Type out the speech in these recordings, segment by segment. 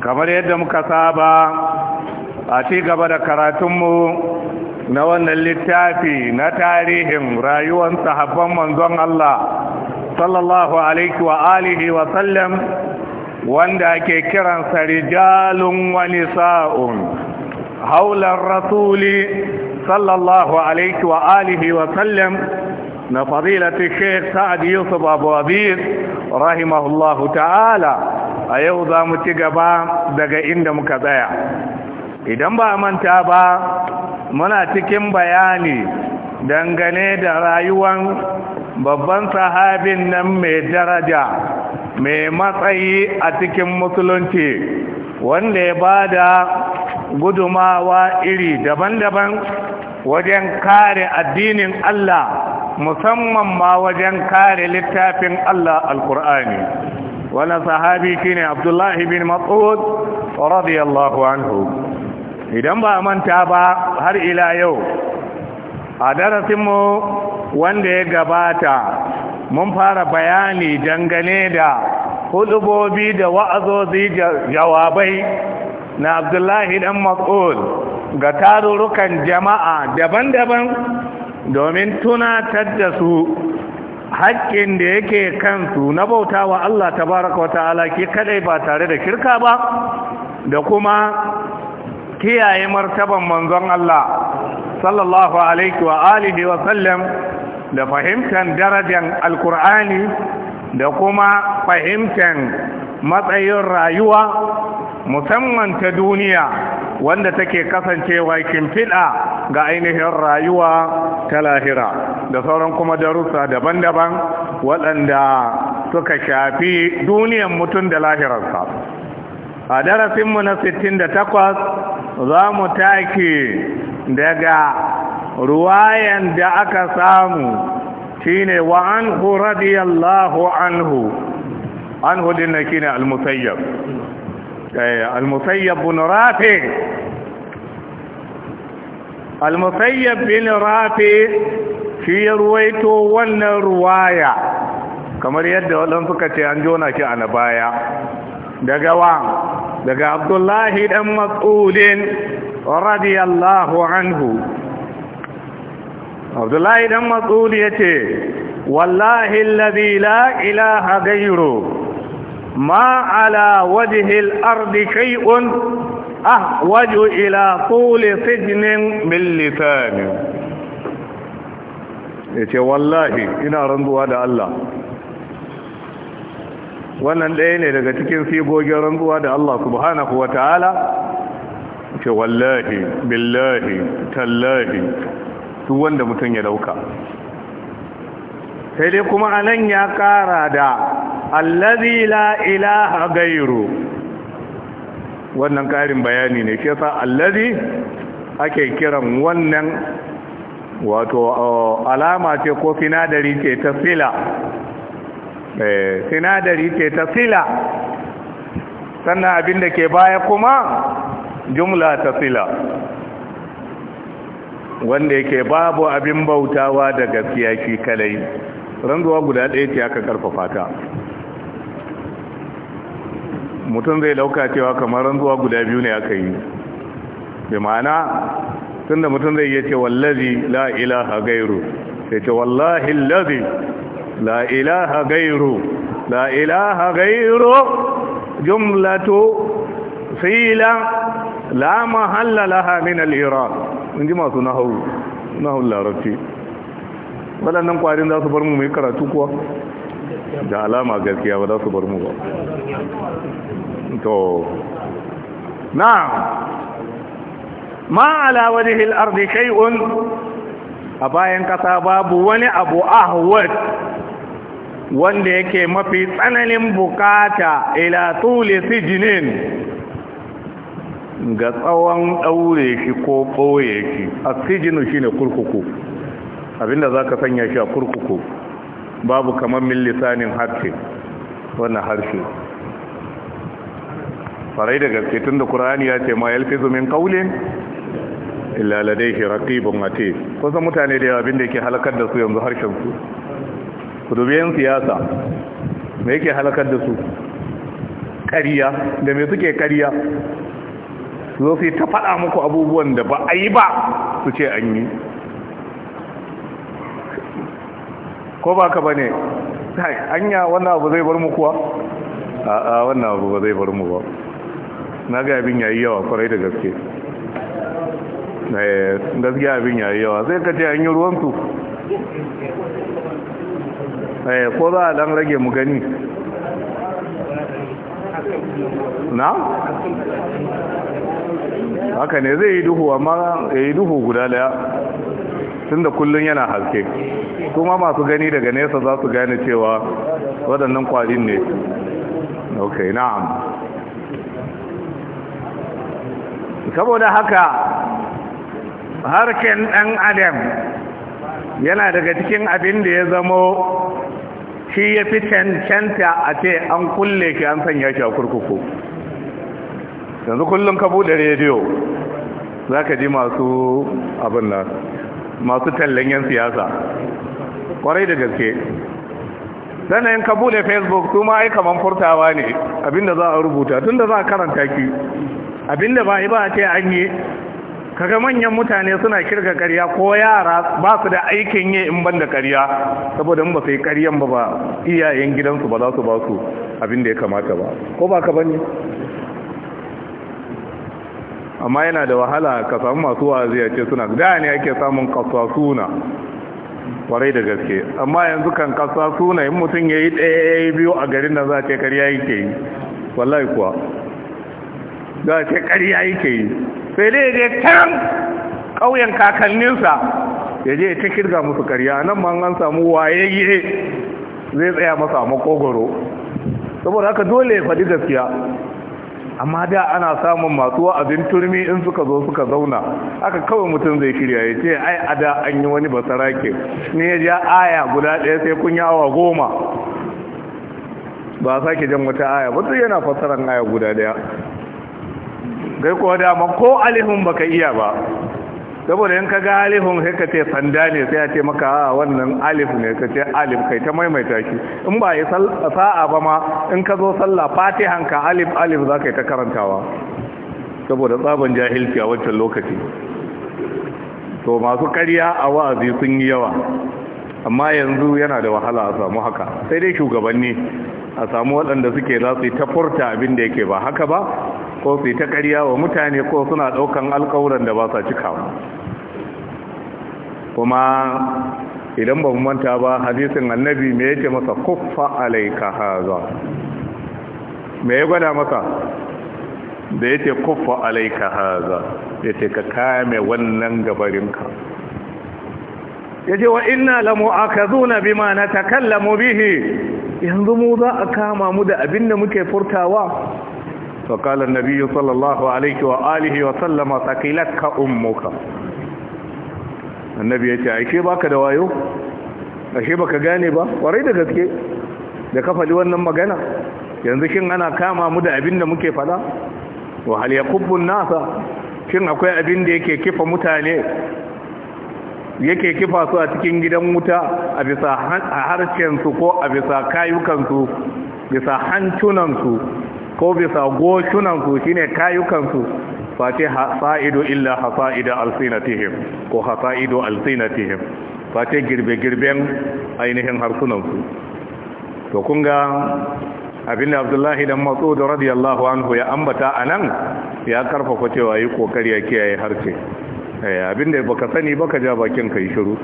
kamar yadda muka saba a ci gaba da karatunmu na wannan littafi na tarihin rayuwar sahabban manzon Allah sallallahu alaihi wa alihi wa sallam wanda ake kiransa rijalun wa nisa'un haular rasuli sallallahu alaihi wa alihi wa sallam na fadilatu sheikh sa'ad yusuf abu abid rahimahullahu ta'ala a yau za mu ci gaba daga inda muka tsaya idan ba manta ba muna cikin bayani dangane da rayuwan babban sahabin nan mai daraja mai matsayi a cikin musulunci wanda ya ba da gudumawa iri daban-daban wajen kare addinin Allah musamman ma wajen kare littafin Allah alkur'ani wannan sahabi shine abdullahi bin mas'ud radiyallahu anhu idan ba manta ba har ila yau a darasinmu wanda ya gabata mun fara bayani dangane da hudubobi da wa'azozi jawabai na abdullahi dan mas'ud ga tarurrukan jama'a daban-daban domin tunatar da su haƙƙin da yake kansu na bauta wa Allah tabaraka wa ta'ala ke kadai ba tare da kirka ba da kuma kiyaye martaban manzon Allah sallallahu alaihi wa alihi wa sallam da fahimtar darajar alkur'ani da kuma fahimtar matsayin rayuwa musamman ta duniya wanda take kasancewa kimfiɗa ga ainihin rayuwa ta lahira da sauran kuma darussa daban-daban waɗanda suka shafi duniyan mutum da lahirarsa a darasinmu na 68 za mu take daga ruwayan da aka samu shine wa anhu radiyallahu anhu anhu dinna kina al-musayyab eh, al-musayyab bin rafi' al-musayyab bin rafi shi ya ruwaito wannan ruwaya kamar yadda wadan suka ce an jona shi a na baya daga wa daga abdullahi dan mas'udin radiyallahu anhu abdullahi dan mas'ud yace wallahi alladhi la ilaha ghayru ma ala wajhi al-ardi shay'un ahwaju ila tuli sijinin min Ya ce wallahi ina rantsuwa da Allah wannan ɗaya ne daga cikin sigogin rantsuwa da Allah subhanahu wa ta'ala ce wallahi billahi tallahi duk wanda mutum ya dauka sai dai kuma anan ya ƙara da allazi la ilaha gairu wannan ƙarin bayani ne shi yasa allazi ake kiran wannan wato uh, alama ce ko sinadari ce ta sila eh, sinadari ce ta sila sannan abin da ke baya kuma jumla ta sila wanda yake babu abin bautawa da gaskiya shi kalai ranzuwa guda ɗaya ce aka karfafa ta mutum zai lauka cewa kamar rantsuwa guda biyu ne aka yi bi ma'ana tunda mutum zai iya ce wallazi la ilaha gairu sai ce wallahi allazi la ilaha gairu la ilaha gairu jumlatu filan la mahalla laha min al-iraq in ji masu nahawu nahawun larabci waɗannan ƙwarin za su bar mu mai karatu kuwa da alama gaskiya ba za su bar mu ba to na ma ala ardi shay'un a bayan kasa babu wani abu ahwat wanda yake mafi tsananin bukata ila tuli sijinin ga tsawon daure shi ko boye shi sijinu shine kurkuku abinda zaka sanya shi a kurkuku babu kamar min lisanin harshe wannan harshe farai da gaske tun da ƙur'ani ya ce ma yalfizu min qawlin illa ladayhi raqibun atid kusan mutane da yawa abin da yake halakar da su yanzu harshen su ku dubi yan siyasa me yake halakar da su kariya da me suke kariya? su zo su ta faɗa muku abubuwan da ba a yi ba su ce an yi ko ba ka bane anya wannan abu zai bar mu kuwa a'a wannan abu ba zai bar mu ba na ga abin yayi yawa kwarai da gaske eh, Gaske abin yayi yawa Zai ka ce an yi ruwansu eh, ko za a dan rage mu gani na? haka ne zai yi duhu amma ya yi duhu guda daya tunda kullun yana haske kuma masu gani daga nesa za su gane cewa waɗannan kwarin ne ok na'am saboda haka harken ɗan adam yana daga cikin abin da ya zamo shi ya fi cancanta a ce an kulle ki an sanya shi a kurkuku yanzu kullum ka buɗe rediyo za ka ji masu abin nan masu tallan yan siyasa kwarai da gaske sanayin ka bude facebook su ma ai kaman furtawa ne abinda za a rubuta tunda za a karanta ki abinda ba ba a ce an yi kaga manyan mutane suna kirga karya ko yara ba su da aikin yi in banda karya saboda in ba su yi ƙaryan ba ba iyayen gidansu ba za su ba su abin ya kamata ba ko ba ka bane amma yana da wahala ka samu masu wazi a ce suna da ne ake samun suna kwarai da gaske amma yanzu kan suna, in mutum ya yi ɗaya biyu a garin da za ce karya yake yi wallahi kuwa za ce karya yake yi sai dai je can ƙauyen kakanninsa ya je ta kirga musu karya nan ma an samu waye yi zai tsaya masa makogoro saboda haka dole ya faɗi gaskiya amma da ana samun masu wa'azin turmi in suka zo suka zauna aka kawai mutum zai shirya ya ce ai a da an yi wani basarake ne ya ja aya guda ɗaya sai kun yi awa goma ba a sake jan wata aya ba sai yana fassaran aya guda ɗaya kai kuwa dama ko alihun baka iya ba saboda yanka ga alifin sai ka ce sanda ne sai ya ce maka a ah, wannan alif ne ka ce alif kai ta maimaita shi in ba yi sa'a ba ma in ka zo sallah fati hanka alif alif za ka yi ta karantawa saboda tsaban jahilci a wancan lokaci to masu karya a wa'azi sun yi yawa amma yanzu yana da wahala a samu haka sai dai shugabanni a samu waɗanda suke za yi ta furta abin yake ba haka ba ko su ta ƙarya wa mutane ko suna ɗaukan alkawuran da ba sa cikawa kuma idan ba manta ba hadisin annabi me yake masa kuffa alaika haza me ya gwada masa da yake kuffa alaika haza yace ka kame wannan gabarinka Ya ce wa ina lamu inna na bima natakallamu bihi yanzu mu za a kama mu da abin da muke furtawa فقال النبي صلى الله عليه وآله وسلم ثقلتك أمك النبي يتي أشي باك دوايو أشي باك جانبا وريد gaske da ka faɗi wannan magana yanzu كاما ana kama mu da abin da muke faɗa wa hal yaqubbun nasa shin akwai yake kifa su a cikin gidan wuta a bisa harshen su ko a bisa kayukan su bisa hancunan su ko bisa gotunansu shine kayukansu face hasa'idu illa hasa'ida alsinatihim ko hasa'idu alsinatihim face girbe-girben ainihin harsunansu to kun ga abin da abdullahi dan matso da radiyallahu anhu ya ambata anan, ya karfafa cewa yi kokari ya kiyaye harce eh, abin da baka sani baka ja bakin kai shiru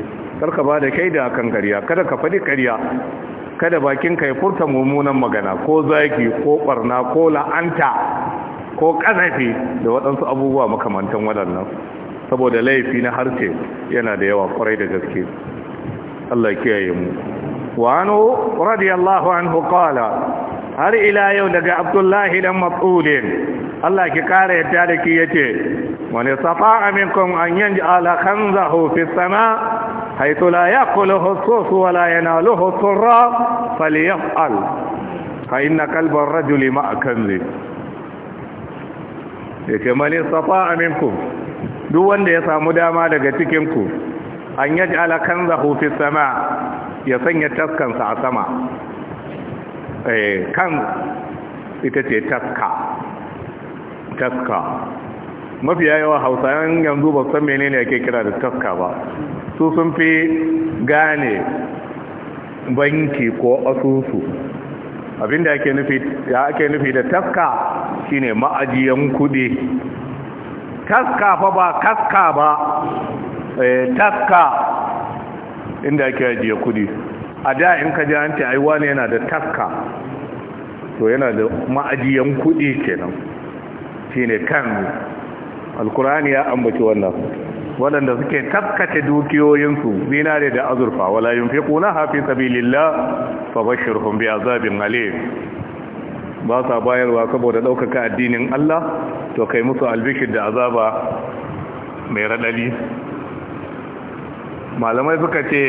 karka ba da kai da kan kariya kada ka faɗi kariya kada ka ya furta mummunan magana ko zaki ko barna ko la'anta ko kazafi da waɗansu abubuwa makamantan waɗannan saboda laifi na harshe yana da yawa kwarai da gaske Allah kiyaye mu wa anu radiyallahu anhu qala har ila yau daga abdullahi dan mas'udin Allah ki kare yadda da ki yace wani safa aminkum an yanji ala khanzahu fi sama حيث لا يأكله الصوف ولا يناله الصراب فليفعل فإن قلب الرجل مع كنزه yake mani safa aminku duk wanda ya samu dama daga cikinku an yaji alakan zahufi sama ya sanya taskansa a sama kan ita yawa hausayen yanzu ba san menene ake kira da taska ba su sun fi gane banki ko asusu abinda ake nufi ya ake nufi da taska shine ma'ajiyan kudi taska fa ba kaska ba eh taska inda ake ajiye kudi a da in ka ji an ce ai wani yana da taska to yana da ma'ajiyan kudi kenan shine kan alkurani ya ambaci wannan waɗanda suke taskace dukiyoyinsu zinare da azurfa wala yunfiquna hafi sabilillah a bi'azabin alim ba sa bayarwa saboda ɗaukaka addinin Allah to kai musu albishir da azaba mai raɗali. malamai suka ce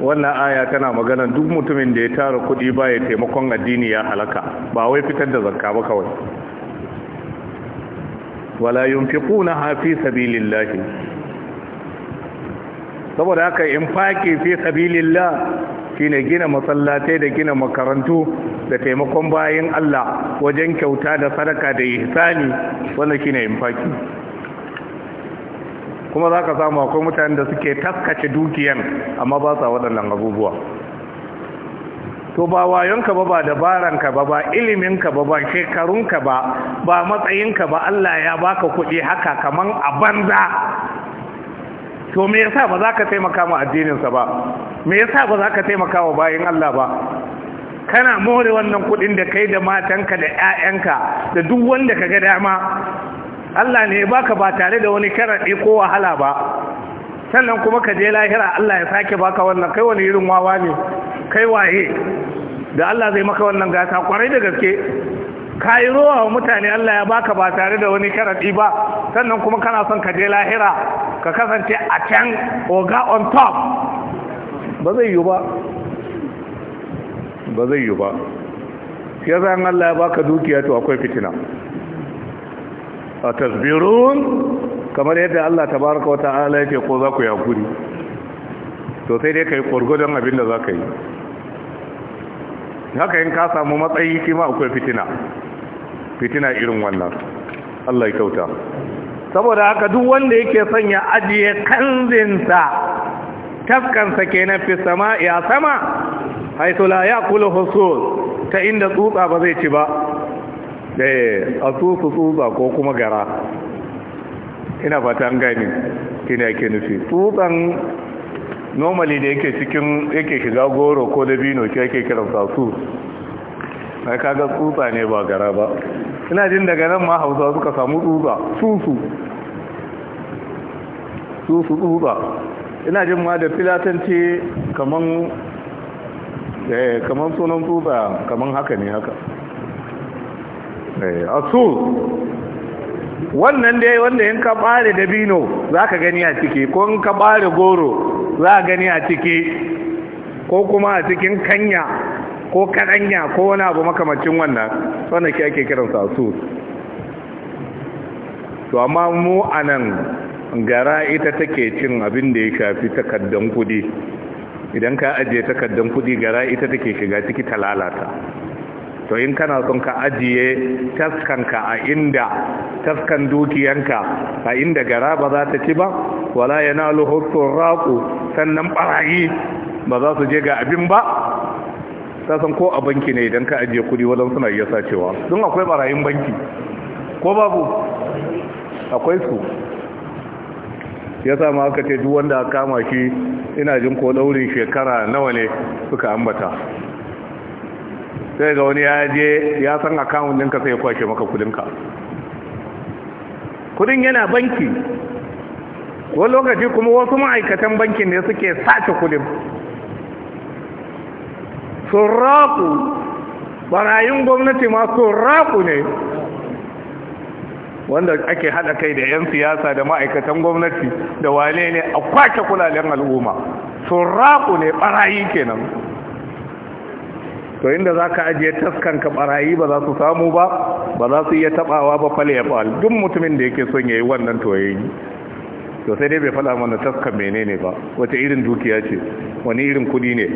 wannan aya tana magana duk mutumin da ya tara kuɗi ba ya taimakon addini ya halaka ba wai fitar da zakka ba kawai wala yunfiquna fi sabilillah saboda haka faki fi sabilillah shine gina masallatai da gina makarantu da taimakon bayan Allah wajen kyauta da sadaka da ihsani wannan shine faki. kuma zaka samu akwai mutanen da suke taskace dukiyan amma ba sa waɗannan abubuwa to ba wayonka ba ba dabaranka ba ba iliminka ba ba shekarunka ba ba matsayinka ba Allah ya baka kuɗi haka kaman a banza to me yasa ba za ka taimaka ma addininsa ba me yasa ba za ka taimaka wa bayin Allah ba kana more wannan kuɗin da kai da matanka da 'ya'yanka da duk wanda ka ga dama Allah ne ya baka ba tare da wani karaɗe ko wahala ba sannan kuma ka je lahira Allah ya sake baka wannan kai wani irin wawa ne kai waye da Allah zai maka wannan gata kwarai da gaske ka yi rowa wa mutane Allah ya baka ba tare da wani karaɗi ba sannan kuma kana son ka je lahira ka kasance a can oga on top ba zai yi ba ba zai yi ba ya zan Allah ya baka dukiya to akwai fitina a tasbirun kamar yadda Allah wata ala yake ko za ku guri to sai dai kai kurgudun abin da za ka yi haka yin ka samu matsayi shi ma akwai fitina fitina irin wannan Allah ya kyauta saboda haka duk wanda yake son ya ajiye kanzinsa taskansa ke fi sama ya sama haitu ya kula husul ta inda tsutsa ba zai ci ba da eh, asusu tsutsa ko kuma gara ina fata an gani kina ake nufi tsutsan normally da yake cikin yake shiga goro ko dabino shi yake kiran sasu ka kaga tsutsa ne ba gara ba ina jin daga nan ma hausa suka samu tsutsa susu susu tsutsa ina jin ma da filatanci kaman eh kaman sunan tsutsa kaman haka ne haka eh asu wannan dai wanda in ka bare dabino za ka gani a ciki ko in ka bare goro za ka gani a ciki ko kuma a cikin kanya ko kaɗanya ko wani abu makamacin wannan wannan ke ake kiransa su to amma mu a nan gara ita take cin abin da ya shafi takaddan kudi idan ka ajiye takaddan kudi gara ita take shiga ciki ta lalata to in kana son ka ajiye taskanka a inda taskan dukiyanka a inda gara ba za ta ci ba wala yanalu raku sannan barayi ba za su je ga abin ba ta san ko a banki ne idan ka ajiye kudi wajen suna iya sacewa don akwai barayin banki ko babu akwai su ya sama aka ce duk wanda kama shi ina jin ko daurin shekara nawa ne suka ambata sai ga wani ya je ya san akawun ɗinka sai ya kwashe maka kudinka kudin yana banki wani lokaci kuma wasu ma'aikatan bankin ne suke sace kudin surraku barayin gwamnati ma surraku ne wanda ake hada kai da 'yan siyasa da ma'aikatan gwamnati da wane ne a kwace kulalen al'umma surraku ne barayi kenan to inda za ka ajiye ka barayi ba za su samu ba ba za su iya tabawa ba fale ya fa'al duk mutumin da yake son ya yi wannan to ya yi to sai dai bai fada mana taskan menene ba wata irin dukiya ce wani irin kudi ne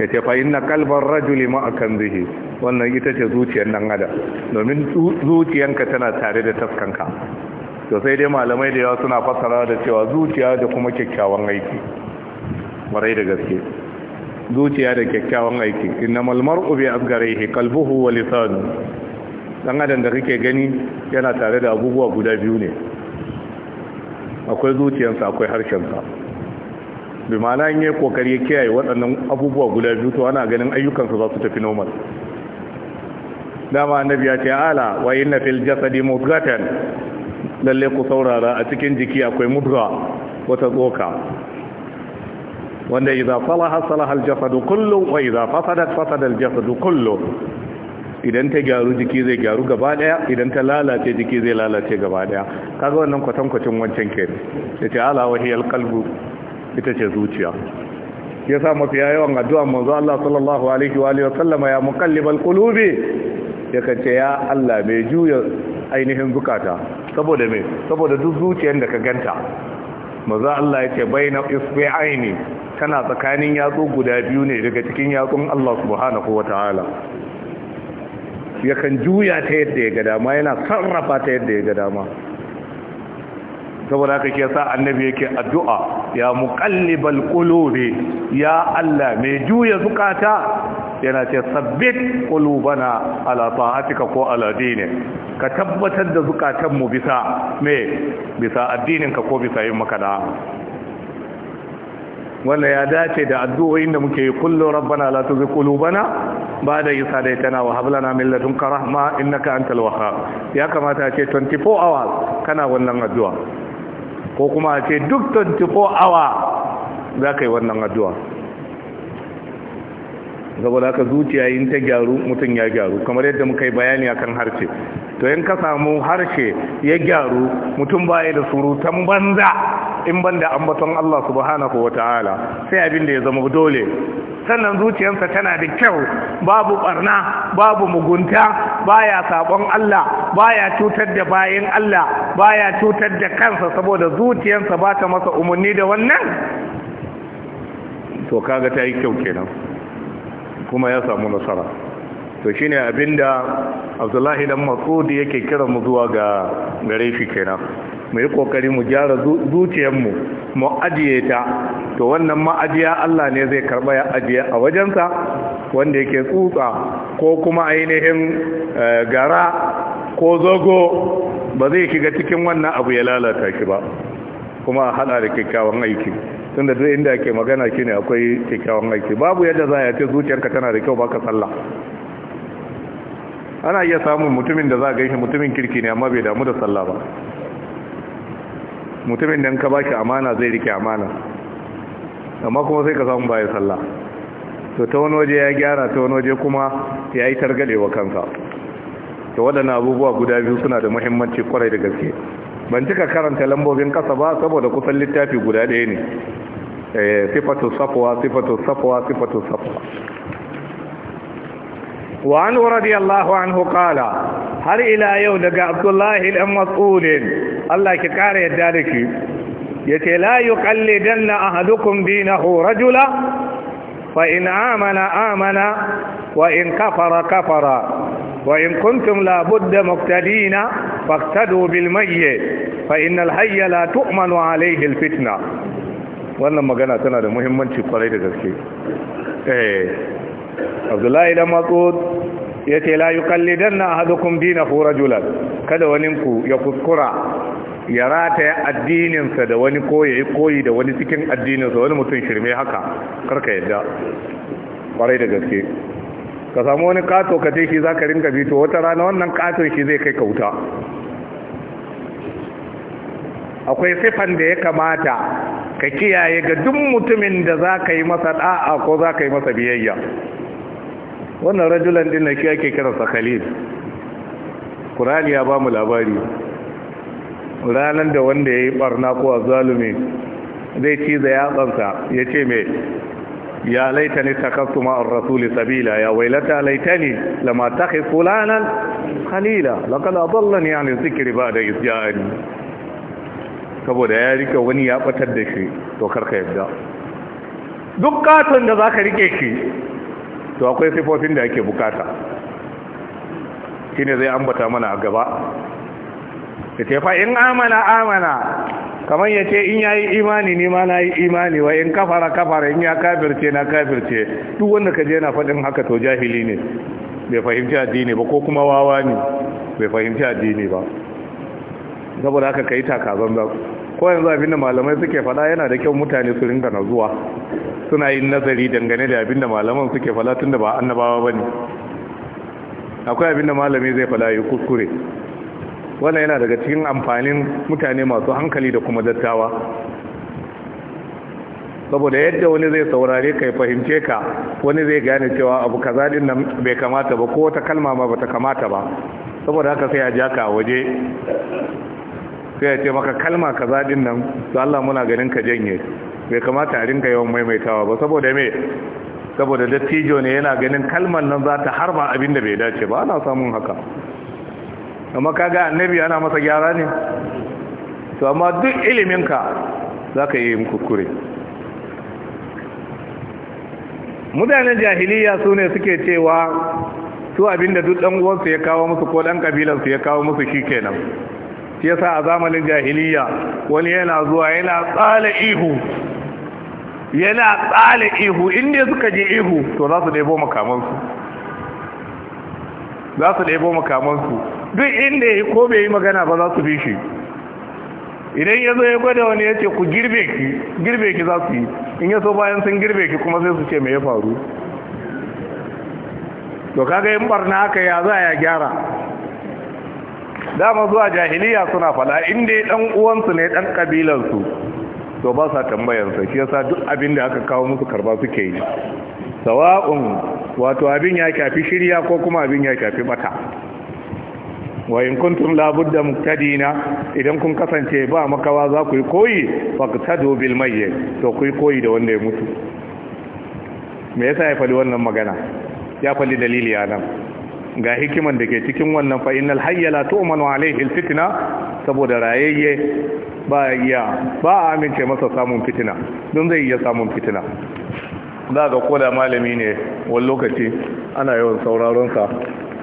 ya ce fa'in na kalbar rajuli ma akan zuhi wannan ita ce zuciyar nan adam domin zuciyanka tana tare da taskanka to sai dai malamai da yawa suna fassara da cewa zuciya da kuma kyakkyawan aiki barai da gaske zuciya da kyakkyawan aiki inna mar'u bi asgarihi kalbuhu wa lisanu dan adam da kake gani yana tare da abubuwa guda biyu ne akwai zuciyarsa akwai harshensa bi ma'ana in yi kokari ya kiyaye waɗannan abubuwa guda biyu to ana ganin ayyukansa za su tafi normal dama annabi ya ce ala wa inna fil jasadi mudghatan lalle ku saurara a cikin jiki akwai mudgha wata tsoka wanda idza salaha salaha aljasadu kullu wa idza fasadat fasada aljasadu kullu idan ta gyaru jiki zai gyaru gaba daya idan ta lalace jiki zai lalace gaba daya kaga wannan kwacin wancan ke yace ala wahiyal alqalbu ita ce zuciya yasa mafiya yawan addu'a manzo Allah sallallahu alaihi wa alihi wa sallama ya muqallibal qulubi yakan ce ya Allah mai juya ainihin zukata saboda me saboda duk zuciyar da ka ganta maza Allah ya ce bai na isbi'aini tana tsakanin yatsu guda biyu ne daga cikin yatsun Allah subhanahu wataala yakan juya ta yadda ya ga dama yana sarrafa ta yadda ya ga dama saboda haka ke sa annabi yake addu'a ya muqallibal qulubi ya Allah me juya zukata yana ce sabbit qulubana ala ta'atika ko ala ka tabbatar da zukatan mu bisa me bisa addinin ka ko bisa yin maka da wannan ya dace da addu'o'in da muke yi kullum rabbana la tuzigh qulubana ba'da idh hadaytana wa hab lana min ladunka rahma innaka antal wahhab ya kamata ce 24 hours kana wannan addu'a ko kuma a ce duk 24 awa za ka yi wannan addu'a saboda haka zuciya yin ta gyaru mutum ya gyaru kamar yadda muka yi bayani akan harshe to in ka samu harshe ya gyaru mutum baya da surutan banza in banda ambaton Allah subhanahu Ta'ala, sai abin da ya zama dole sannan zuciyarsa tana da kyau babu barna babu mugunta baya sabon Allah baya cutar da bayin Allah baya cutar da kansa saboda zuciyarsa ba ta masa umarni da wannan to kaga ta yi kyau kenan kuma ya samu nasara to shine abinda Abdullahi dan makudi yake kira mu zuwa ga gare shi kenan mu yi kokari mu gyara zuciyarmu mu ajiye ta to wannan ma'ajiya Allah ne zai karba ya ajiye a wajensa wanda yake tsutsa ko kuma ainihin eh, gara ko zogo ba zai shiga cikin wannan abu ya lalata shi ba kuma a hada da kyakkyawan aiki tun da duk inda ake magana shine akwai kyakkyawan aiki babu yadda za a ce zuciyarka tana da kyau baka sallah ana iya samun mutumin da za a gaishe mutumin kirki ne amma bai damu da sallah ba mutumin da ka bashi amana zai rike amana amma kuma sai ka samu baya sallah to ta wani waje ya gyara ta wani waje kuma ya yi targade kansa to waɗannan abubuwa guda biyu suna da muhimmanci kwarai da gaske ban cika karanta lambobin kasa ba saboda kusan littafi guda ɗaya ne eh, sifatu safuwa, sifatu safuwa, sifatu safuwa. wa an radiyallahu anhu hukala har ila yau daga abdullahi dan mas'ud Allah ki ƙara yadda da ki yace la yuqallidanna na dinahu jula? fa in amana amana wa in kafara kafara وإن كنتم لابد مقتدين فاقتدوا بالميت فإن الحي لا تؤمن عليه الفتنة wannan magana tana da muhimmanci kwarai da gaske eh Abdullahi dan Mas'ud yace la yuqallidanna ahadukum dinahu rajulan kada wani ku ya kuskura ya rataya addininsa da wani koyi koyi da wani cikin addininsa wani mutum shirme haka karka yadda kwarai da gaske ka samu wani kato ka je shi za ka ringa bito wata rana wannan kato shi zai kai ka wuta. akwai siffan da ya kamata ka kiyaye ga duk mutumin da za ka yi masa da'a ko za ka yi masa biyayya wannan rajulan din na shi ake kiransa sakalin kurani ya ba mu labari ranar da wanda ya yi barna ko a zalumi zai ci da yatsansa ya ce mai ya laitani takastu ma'ar rasuli sabila ya wailata laitani lama takhi fulanan khalila laqad adallani an ba da isyani saboda ya rike wani ya batar da shi to karka yadda duk katon da zaka rike shi to akwai sifofin da ake bukata ne zai ambata mana a gaba ya ce fa in amana amana kamar ya ce in yayi imani ni ma na yi imani wa in kafara kafara in ya kafirce na kafirce duk wanda ka je na faɗin haka to jahili ne bai fahimci addini ba ko kuma wawa ne bai fahimci addini ba saboda haka kai taka za ko yanzu abin da malamai suke faɗa yana da kyau mutane su ringa na zuwa suna yin nazari dangane da abin da malaman suke faɗa tun da ba annabawa ba ne akwai abin da malami zai faɗa yi kuskure wannan yana daga cikin amfanin mutane masu hankali da kuma dattawa saboda yadda wani zai saurare kai fahimce ka wani zai gane cewa abu kaza din nan bai kamata ba ko wata kalma ma bata kamata ba saboda haka sai ya ja ka waje sai ya ce maka kalma kaza din nan to Allah muna ganin ka janye bai kamata a rinka yawan maimaitawa ba saboda me saboda dattijo ne yana ganin kalman nan za ta harba abin da bai dace ba ana samun haka amma ga annabi ana masa gyara ne to amma duk iliminka za ka yi kukure mutanen jahiliya su ne suke cewa su abinda duk ɗan uwansu ya kawo musu ko ɗan ƙabilansu ya kawo musu shi kenan shi yasa a zamanin jahiliya wani yana zuwa yana tsala ihu yana tsala ihu inda suka je ihu to za su ɗebo makamansu za su ɗebo makamansu duk inda ya ko bai yi magana ba za su bi shi idan ya zo ya gwada wani ya ce ku girbe ki girbe ki za su yi in ya so bayan sun girbe ki kuma sai su ce me ya faru to kaga yin barna haka ya za ya gyara dama zuwa jahiliya suna fada inda dan uwansu ne dan kabilansu to ba sa sa shi yasa duk abin da aka kawo musu karba suke yi sawa'un wato abin ya shafi shirya ko kuma abin ya shafi bata wa in kuntum la budda muktadina idan kun kasance ba makawa za ku yi koyi faqtadu bil mayyit to ku yi koyi da wanda ya mutu me yasa ya fadi wannan magana ya fadi dalili anan ga hikiman da ke cikin wannan fa innal hayya la tu'manu alayhi al saboda rayayye ba ya ba amince masa samun fitina don zai iya samun fitina za ga koda malami ne wani lokaci ana yawan sauraron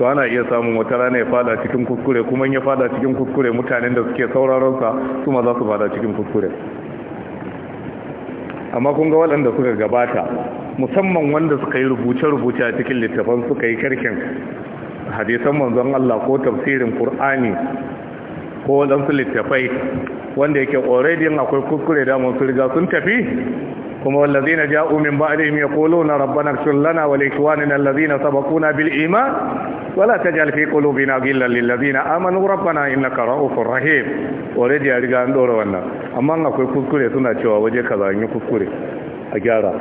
to ana iya samun wata rana ya fada cikin kuskure kuma ya fada cikin kuskure mutanen da suke sauraron sa su ma za su fada cikin kuskure amma kun ga waɗanda suka gabata musamman wanda suka yi rubuce-rubuce a cikin littafan suka yi karkin hadisan manzon Allah ko tafsirin Qur'ani ko waɗansu littafai wanda yake already akwai kuskure da mun riga sun tafi kuma na ja'u min ba'dihim yaquluna rabbana ighfir lana wa li ikhwanina alladhina sabaquna bil iman wa la taj'al fi qulubina ghillan lil ladzina amanu rabbana innaka ra'ufur rahim wale da riga an dora wannan amma akwai kuskure suna cewa waje kaza an yi kuskure a gyara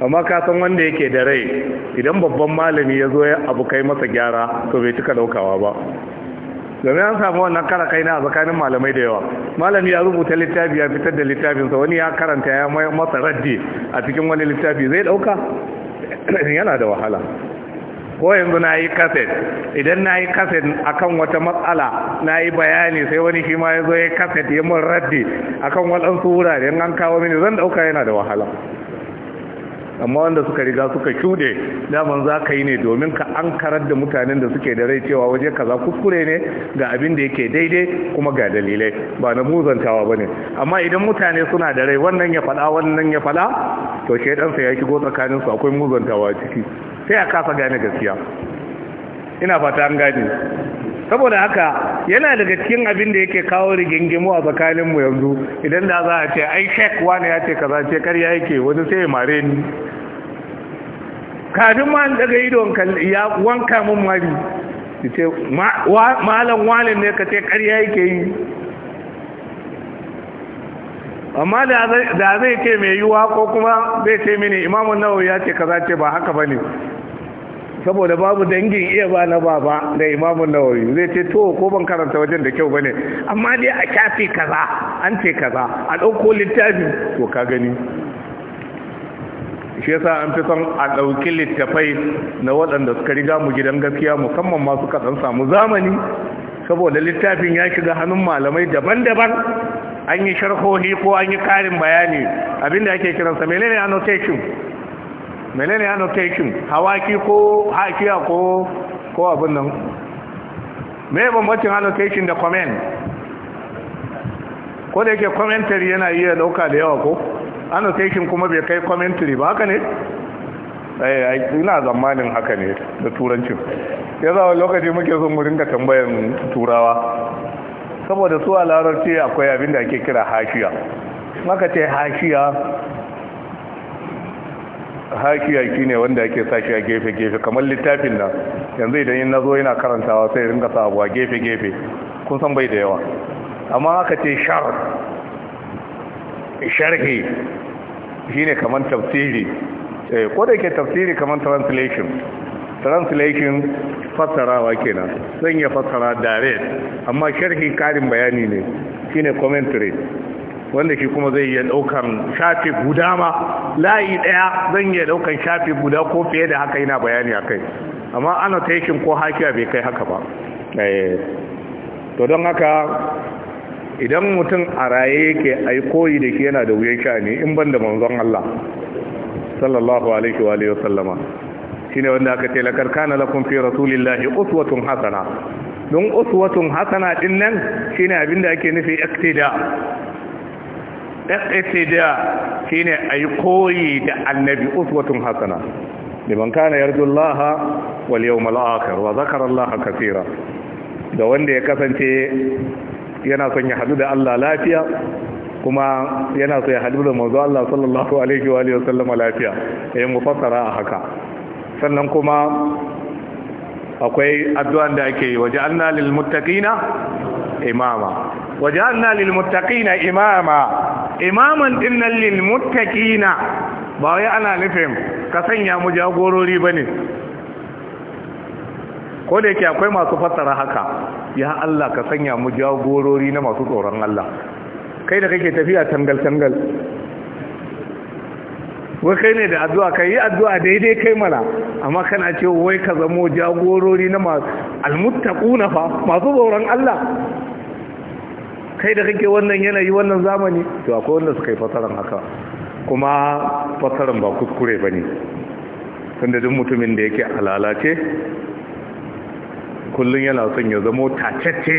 amma ka san wanda yake da rai idan babban malami ya zo ya abu kai masa gyara to bai cika daukawa ba domin an samu wannan kara kaina a tsakanin malamai da yawa malami ya rubuta littafi ya fitar da littafin sa wani ya karanta ya masa raddi a cikin wani littafi zai dauka yana da wahala ko yanzu na yi kaset idan na yi kaset akan wata matsala na yi bayani sai wani shi ma ya zo ya kaset ya mun raddi akan waɗansu wurare an kawo mini zan dauka yana da wahala amma wanda suka riga suka shuɗe daman za ka yi ne domin ka an karar da mutanen da suke da rai cewa waje kaza kuskure ne ga abin da yake daidai kuma ga dalilai ba na muzantawa ba ne amma idan mutane suna da rai wannan ya faɗa wannan ya faɗa to ɗansa ya shigo tsakaninsu akwai muzantawa ciki sai a kasa gane gaskiya ina fata an gane saboda haka yana daga cikin abin da yake kawo rigingimu a tsakaninmu yanzu idan da za a ce ai shek wani ya ce kaza ce karya yake wani sai ya mare ni kafin ma daga idon ya wanka mun mari ce malam wani ne ka ce karya yake yi amma da zai ce mai yiwuwa ko kuma zai ce mini imamun nawa ya ce kaza ce ba haka ba ne saboda babu dangin iya ba na baba da imamun nawawi zai ce to ko ban karanta wajen da kyau bane amma dai a kafi kaza an ce kaza a ɗauko littafin to ka gani shi yasa an fi son a ɗauki littafai na waɗanda suka riga mu gidan gaskiya musamman ma suka ɗan samu zamani saboda littafin ya shiga hannun malamai daban-daban an yi sharhohi ko an yi karin bayani abinda ake kiransa menene annotation menene annotation hawaki ko hakiya ko ko abin nan me bambancin annotation da comment ko da yake commentary yana iya dauka da yawa ko annotation kuma bai kai commentary ba haka ne eh ina zamanin haka ne da turancin ya zawo lokaci muke son mu ringa tambayan turawa saboda su a ce akwai abin da ake kira hashiya maka ce hashiya hakiya ne wanda yake sashi a gefe-gefe kamar littafin nan yanzu idan yin nazo yana karantawa sai ringa sa abuwa gefe-gefe kun san bai da yawa amma aka ce shar sharhi shine kamar tafsiri eh, ko da yake tafsiri kamar translation translation fassarawa kenan zan iya fassara direct amma sharhi karin bayani ne shine commentary wanda shi kuma zai iya daukan shafi guda ma layi daya zan iya daukan shafi guda ko fiye da haka yana bayani akai amma taikin ko hakiya bai kai haka ba eh, to don haka idan mutum a raye yake ai koyi da shi yana da wuyan sha'ani in banda da manzon Allah sallallahu alaihi wa alihi wasallama shine wanda aka ce lakar kana lakum fi rasulillahi uswatun hasana don uswatun hasana din nan shine abinda ake nufi iktida al-iqtida shine ayi koyi da annabi uswatun hasana liman kana yarju Allah wal yawmal akhir wa zakara Allah kaseera da wanda ya kasance yana son ya hadu da Allah lafiya kuma yana so ya hadu da manzo Allah sallallahu alaihi wa alihi wasallam lafiya yayin mufassara haka sannan kuma akwai addu'an da ake yi waje anna lil muttaqina imama waja'alna lil muttaqina imama imaman dinnan lil muttaqina ba wai ana nufin ka sanya mu jagorori bane ko da yake akwai masu fassara haka ya Allah ka sanya mu jagorori na masu tsoron Allah kai da kake tafiya tangal tangal wai kai ne da addu'a kai yi addu'a daidai kai mana amma kana ce wai ka zamo jagorori na masu almuttaquna fa masu tsoron Allah kai da kake wannan yanayi wannan zamani to akwai wanda suka yi fasaran haka kuma fasaran ba kuskure ba ne tunda duk mutumin da yake alalace kullum yana son ya zamo tacece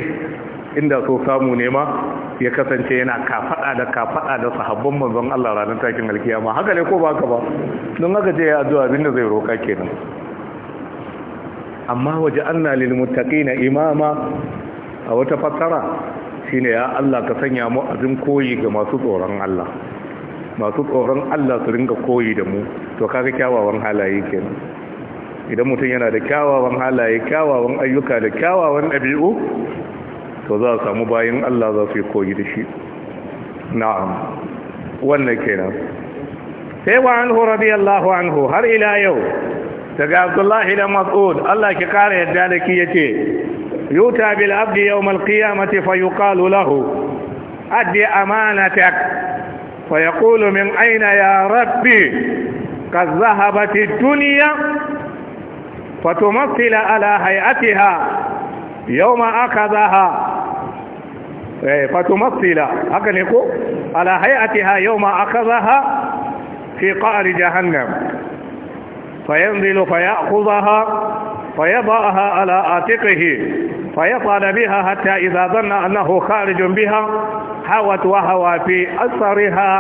inda so samu ne ma ya kasance yana kafada da kafada da sahabban manzon Allah ranar takin alkiyama haka ne ko ba haka ba don haka je ya addu'a abinda zai roka kenan amma waje anna lil muttaqina imama a wata fassara shine ya Allah ka sanya mu azin koyi ga masu tsoron Allah masu tsoron Allah su ringa koyi da mu to kaga kyawawan halaye kenan idan mutum yana da kyawawan halaye kyawawan ayyuka da kyawawan ɗabi'u to za a samu bayan Allah za su yi koyi da shi na'am wannan kenan sai wa anhu radiyallahu anhu har ila yau daga Abdullahi da Mas'ud Allah ki kare yadda da ki yace يؤتى بالعبد يوم القيامة فيقال له أد أمانتك فيقول من أين يا ربي قد ذهبت الدنيا فتمثل على هيئتها يوم أخذها إيه، فتمثل على هيئتها يوم أخذها في قعر جهنم فينزل فيأخذها فيضعها على عاتقه فيطعن بها حتى إذا ظن أنه خارج بها حوت وهوى في أثرها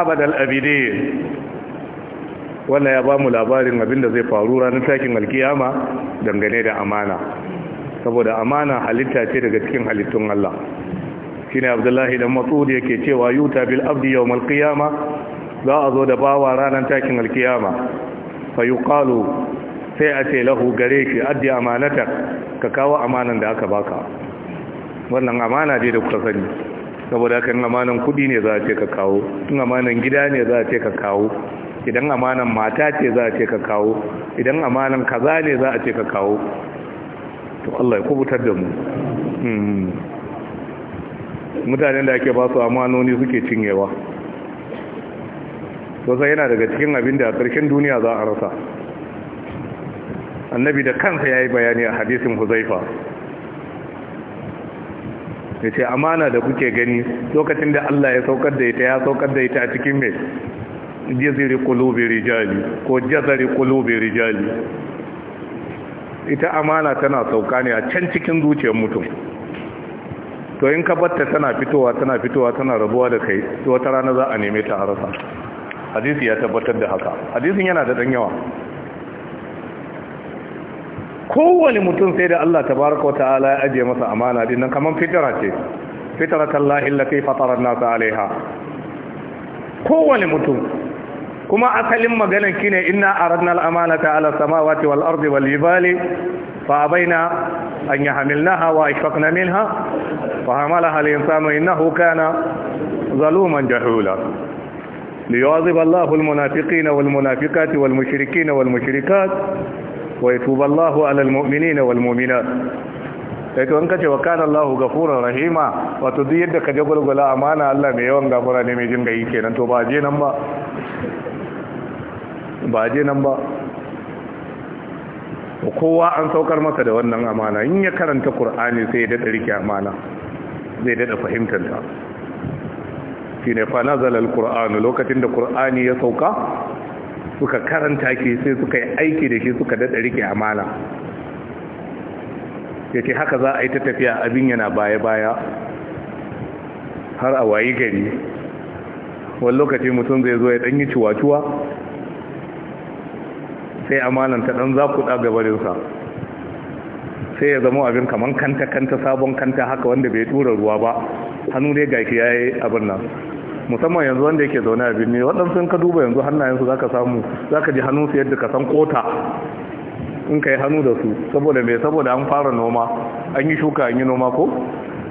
أبد الأبدين wannan ya ba mu labarin abin da zai faru ranar takin alkiyama dangane da amana saboda amana halitta ce daga cikin halittun Allah shine Abdullahi dan Mas'ud yake cewa yuta bil abdi yawm alqiyama za a zo da bawa ranar takin alkiyama fa yuqalu sai a ce lahu gare ki addi amanata ka kawo amanan da aka baka wannan amana dai da kuka sani saboda kan amanan kudi ne za a ce ka kawo in amanan gida ne za a ce ka kawo idan amanan mata ce za a ce ka kawo idan amanan kaza ne za a ce ka kawo to Allah ya kubutar da mu hmm. mutanen da ake ba su amanoni suke cinyewa to sai yana daga cikin abin da a ƙarshen duniya za a rasa annabi da kansa ya yi bayani a hadisin huzaifa ya ce amana da kuke gani lokacin da Allah ya saukar da ita ya saukar da ita a cikin mai jaziri kulubi rijali ko jazari kulubi rijali ita amana tana sauka ne a can cikin zuciyar mutum to in ka tana fitowa tana fitowa tana rabuwa da kai to wata rana za a neme ta harasa hadisi ya tabbatar da haka hadisin yana da dan yawa kowane mutum sai da Allah tabaraka wata'ala ya aje masa amana din nan kaman fitara ce fitratan lahi allati fatara an-nas alaiha kowane mutum kuma asalin maganar kine inna aradna al-amanata ala samawati wal ardi wal jibali fa abaina an yahmilnaha wa ashfaqna minha fa hamalaha al-insanu innahu kana zaluman jahula ليعذب الله المنافقين والمنافقات والمشركين والمشركات wa yatubu Allahu alal mu'minina wal mu'minat sai to an kace wa kana Allahu ghafurur rahima wato duk yadda ka je gulgula amana Allah mai yawan gafara ne mai jin gai kenan to ba je nan ba ba je nan ba kowa an saukar masa da wannan amana in ya karanta Qur'ani sai ya dada rike amana zai dada fahimtar ta shine fa nazala alquran lokacin da qur'ani ya sauka suka karanta ki sai suka yi aiki da shi suka daɗa rike amana yake haka za a yi ta tafiya abin yana baya-baya har a wayi gari wani lokaci mutum zai zo ya ɗanyi ciwa-ciwa sai amanan ta ɗan za ku gabarinsa sai ya zama abin kamar kanta-kanta sabon kanta haka wanda bai tura ruwa ba hannu dai gaki ya yi abin nan musamman yanzu wanda yake zaune a birni waɗansu ka duba yanzu hannayensu za ka samu za ka ji hannunsu yadda ka san kota in ka yi hannu da su saboda mai saboda an fara noma an yi shuka an yi noma ko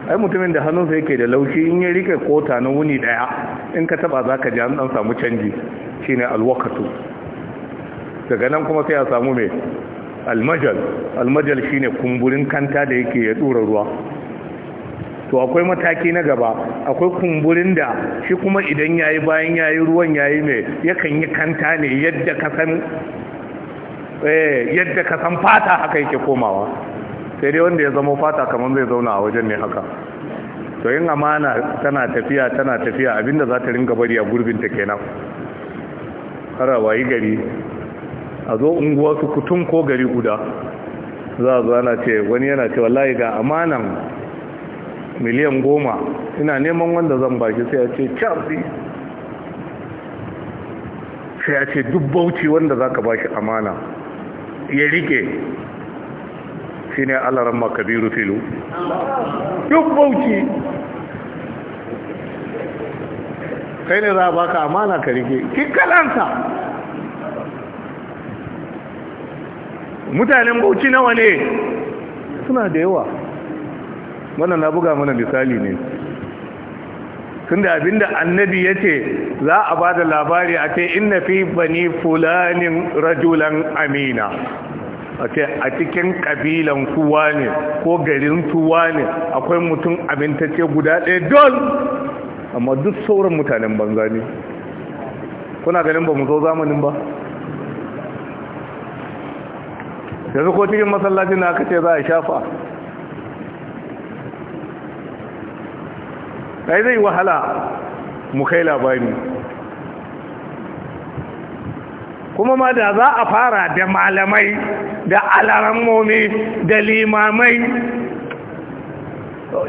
ai mutumin da hannunsa yake da laushi in ya rike kota na wuni daya in ka taba za ka ji an samu canji shine alwakatu daga nan kuma sai a samu mai almajal almajal shine kumburin kanta da yake ya dura ruwa to akwai mataki na gaba akwai kumburin da shi kuma idan yayi bayan yayi ruwan yayi mai yakan yi kanta ne yadda ka san eh yadda ka san fata haka yake komawa sai dai wanda ya zama fata kamar zai zauna a wajen ne haka to yin amana tana tafiya tana tafiya abinda za ta ringa bari a gurbin ta kenan kara wayi gari a zo unguwa su kutun ko gari guda za a zo ana ce wani yana ce wallahi ga amanan miliyan goma ina neman wanda zan baki sai ya ce charlie sai ya ce duk bauchi wanda za ka ba shi amana ya rike shi ne alaran makabiru filu duk bauchi kai ne za a baka amana ka rike kikalanta mutanen bauchi nawa ne suna da yawa wannan na buga mana misali ne tunda abinda annabi ya ce za a ba da labari a ce inna fi bani fulanin rajulan amina a ce a cikin kabilan kuwa ne ko garin tuwa ne akwai mutum ce guda ɗaya don amma duk sauran mutanen banza ne kuna ganin ba mu zo zamanin ba yanzu ko cikin masallacin na aka ce za a shafa ai zai wahala mu kai labari kuma ma da za a fara da malamai da alarammomi da limamai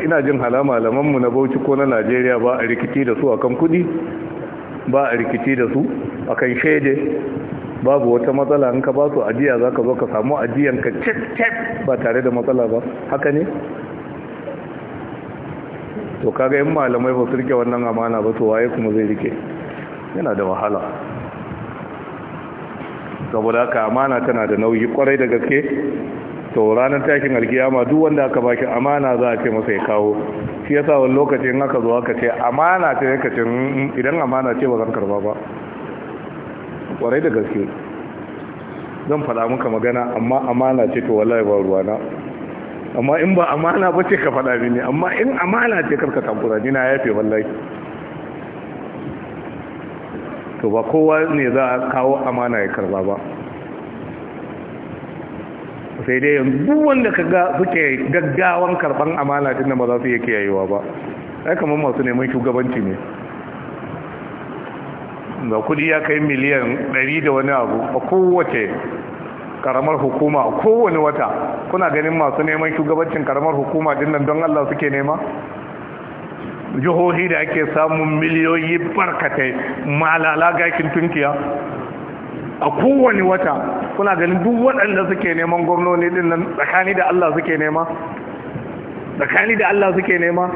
ina jin hala mu na bauchi ko na najeriya ba a rikici da su akan kudi ba a rikici da su akan shaide babu wata matsala in ka ba su ajiya za ka zo ka samu ajiyanka cip-cip ba tare da matsala ba haka ne to kaga yin malamai ba su rike wannan amana ba to waye kuma zai rike yana da wahala saboda haka amana tana da nauyi kwarai da gaske to ranar takin alkiyama duk wanda aka baki amana za a ce masa ya kawo shi yasa wani lokaci in aka zo aka ce amana ce ka ce mm, idan amana ce ba zan karba ba kwarai da gaske zan faɗa muka magana amma amana ce to wallahi ba ruwana amma in ba amana ba ce ka faɗa mini amma in amana ce karka takura ni ya fi wallahi to ba kowa ne za a kawo amana ya karba ba sai dai yanzu wanda ka ga suke gaggawan karban amana din da ba za su iya kiyayewa ba ai kamar masu neman shugabanci ne ga kudi ya kai miliyan 100 da wani abu a kowace karamar hukuma kowane wata kuna ganin masu neman shugabancin karamar hukuma nan don Allah suke nema jihohi da ake samun miliyoyi barkatai malala gakin tunkiya a kowane wata kuna ganin duk waɗanda suke neman gwamnoni nan tsakani da Allah suke nema tsakani da Allah suke nema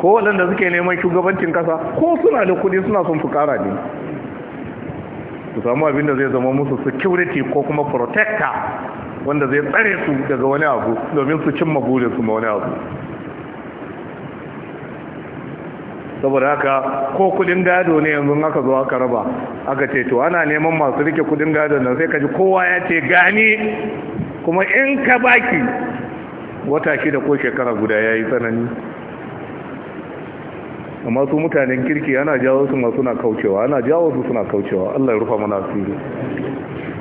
ko waɗanda suke neman shugabancin kasa ko suna da kuɗi suna son su ƙara ne su samu abin da zai zama musu security ko kuma protector wanda zai tsare su daga wani abu domin su cimma su ma wani abu saboda haka ko kudin gado ne yanzu aka zo aka raba aka ce to ana neman masu rike kudin gado na sai ka ji kowa ya ce gani kuma in ka baki wata shida ko shekara guda ya yi tsanani amma su mutanen kirki ana jawo su masu na kaucewa ana jawo su suna kaucewa Allah ya rufa mana asiri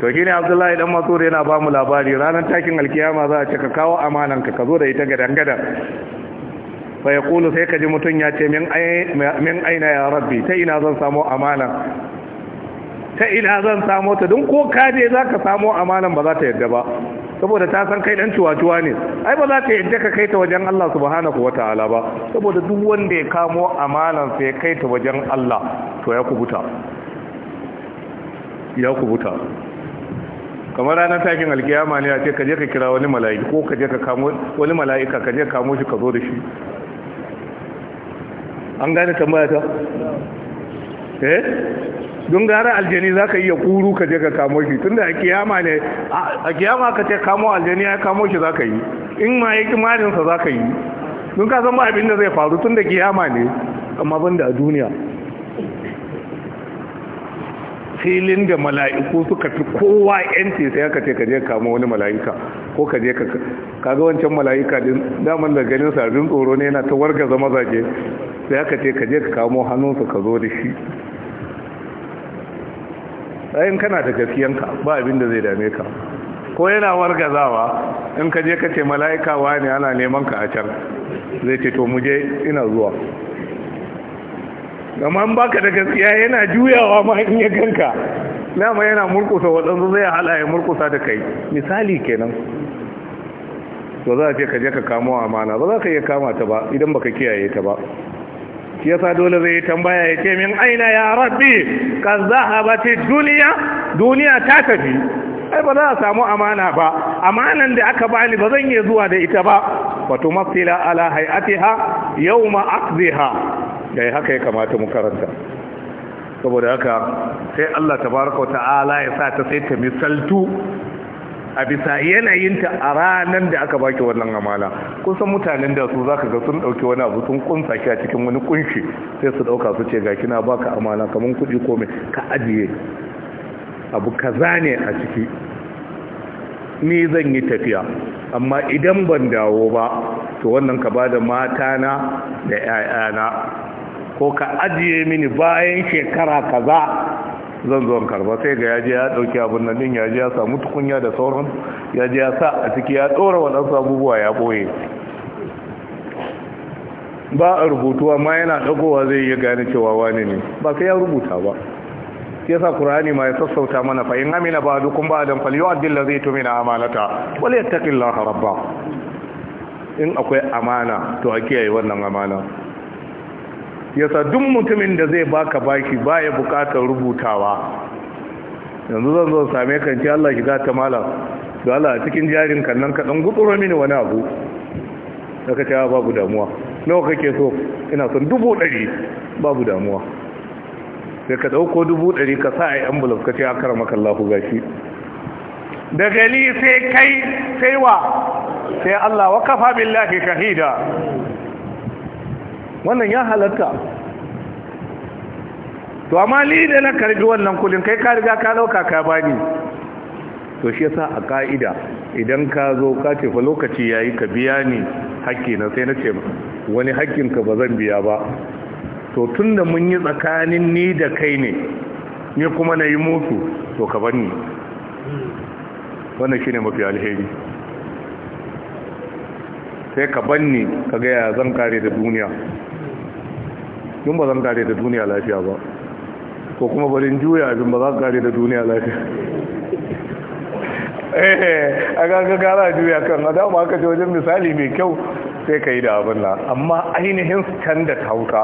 to shine Abdullahi dan Masud yana ba mu labari ranar takin alkiyama za a ce ka kawo amanan ka zo da ita gadan gadan fa yaqulu sai ka ji mutun ya ce min min aina ya rabbi ta ina zan samu amana ta ina zan samu ta dun ko kaje za zaka samu amanan ba za ta yadda ba saboda ta san kai dan tuwatuwa ne ai ba za ka yadda ka kai ta wajen Allah subhanahu wataala ba saboda duk wanda ya kamo amalan sai ya kai ta wajen Allah to ya kubuta ya kubuta kamar ranar takin alkiyama ne a ce ka je ka kira wani mala'ika ko ka je ka kamo wani mala'ika ka je ka kamo shi ka zo da shi an gane tambaya ta eh don gara aljani za ka iya kuru ka je ka kamo shi tunda a kiyama ne a kiyama ka ce kamo aljani ya kamo shi za ka yi in ma ya kimaninsa za ka yi don ka san ba abin da zai faru tunda kiyama ne amma ban da a duniya filin da mala'iku suka fi kowa yanci sai aka ce ka je kama wani mala'ika ko ka je ka ga wancan mala'ika din daman da ganin sa abin tsoro ne yana ta warga zama zage sai aka ce ka je ka kamo hannunsa ka zo da shi ayin kana da gaskiyanka ba abin da zai dame ka ko yana wargazawa in ka je ka ce mala'ika wa ne ana neman ka a can zai ce to mu je ina zuwa amma in baka da gaskiya yana juyawa ma in ya ganka ma yana murkusa waɗansu zai hala ya murkusa da kai misali kenan Ba za a ce ka je ka kamo amana ba za ka iya kama ta ba idan baka kiyaye ta ba Ya yasa dole zai tambaya ya ce min aina ya rabbi ka zahabati duniya duniya ta tafi ai ba za a samu amana ba amanan da aka bani ba zan iya zuwa da ita ba wato mafila ala hay'atiha yawma aqdiha dai haka ya kamata mu karanta saboda haka sai Allah tabaraka wa ta'ala ya sa ta sai ta misaltu a bisa yanayin ta a ranar da aka baki wannan amana kusan mutanen da su zaka ga sun dauki wani abu sun kunsa shi a cikin wani kunshi sai su dauka su ce ga kina baka amana kaman kudi ko mai ka ajiye abu kaza ne a ciki ni zan yi tafiya amma idan ban dawo ba to wannan ka bada na da na ko ka ajiye mini bayan shekara kaza zan zo karba sai ga yaje ya dauki abun nan din yaje ya samu tukunya da sauran yaje ya sa a ciki ya dora wannan abubuwa ya boye ba a rubutuwa ma yana dagowa zai yi gane cewa wani ne ba sai ya rubuta ba yasa qur'ani ma ya sassauta mana fa in amina ba ba adam ba'dan falyu'addil ladhi tumina amanata wal yattaqillaha rabba in akwai amana to a wannan amana yasa duk mutumin da zai baka baki baya bukatar rubutawa yanzu zan zo same kan ce Allah shiga ta malam da Allah cikin jarin kan nan ka dan gutsuro mini wani abu daga ta ah, babu damuwa nawa kake so ina son dubu ɗari babu damuwa sai ka ɗauko dubu ɗari ka sa a yi ambulance ka ce a ah, kara maka Allah gashi Da gali sai kai sai wa sai Allah wa kafa billahi shahida wannan ya halatta to amma ni da na karbi wannan kulin kai ka riga ka dauka ka bani to shi yasa a ka'ida idan ka zo ka ce fa lokaci yayi ka biya ni hakki na sai na ce wani hakkin ka bazan biya ba to tunda mun yi tsakanin ni da kai ne ni kuma na yi mutu to ka bani wannan shine mafi alheri sai ka banni ka ga ya zan kare da duniya yin ba zan kare da duniya lafiya ba ko kuma barin juya abin ba za ka kare da duniya lafiya eh a ga gara juya kan a dama aka ce wajen misali mai kyau sai ka yi da abin nan amma ainihin standard hausa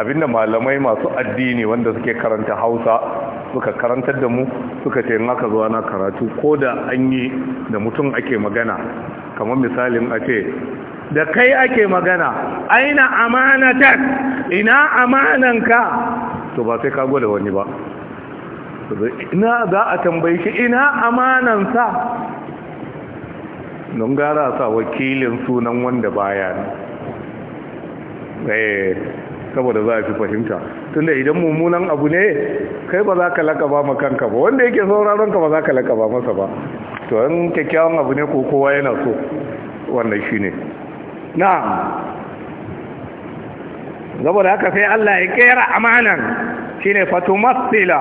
abinda malamai masu addini wanda suke karanta hausa suka karantar da mu suka ce naka zuwa na karatu ko da an yi da mutum ake magana kamar misalin a ce da kai ake magana aina amanatan ina amananka to ba sai ka gwada wani ba ina za a tambaye shi ina amanansa don gara sa wakilin sunan wanda baya ne eh, saboda za a fi fahimta tunda idan mummunan abu ne kai ba za ka lakaba ma kanka ba wanda yake sauraron ka ba za ka lakaba masa ba to yan kyakkyawan abu ne ko kowa yana so wannan shi ne. na'am saboda haka sai Allah ya kera amanan shine fatumassila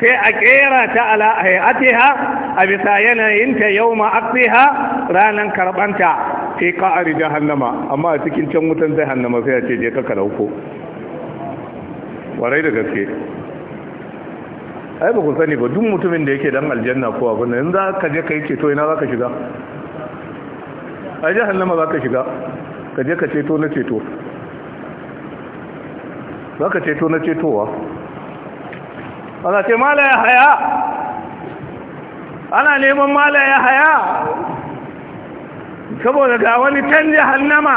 sai a kera ta ala hayatiha a bisa yanayinta yawma aqsiha ranan karbanta fi jan jahannama amma a cikin can wutan hannama sai a ce je ka dauko. warai da gaske ai ba ku sani ba duk mutumin da yake dan aljanna ko abin nan yanzu za ka je ka yi ceto ina za ka shiga a jahannama za ka shiga ka je ka ceto na ceto za ka ceto na cetowa ana ce mala ya haya ana neman mala ya haya saboda ga wani can jahannama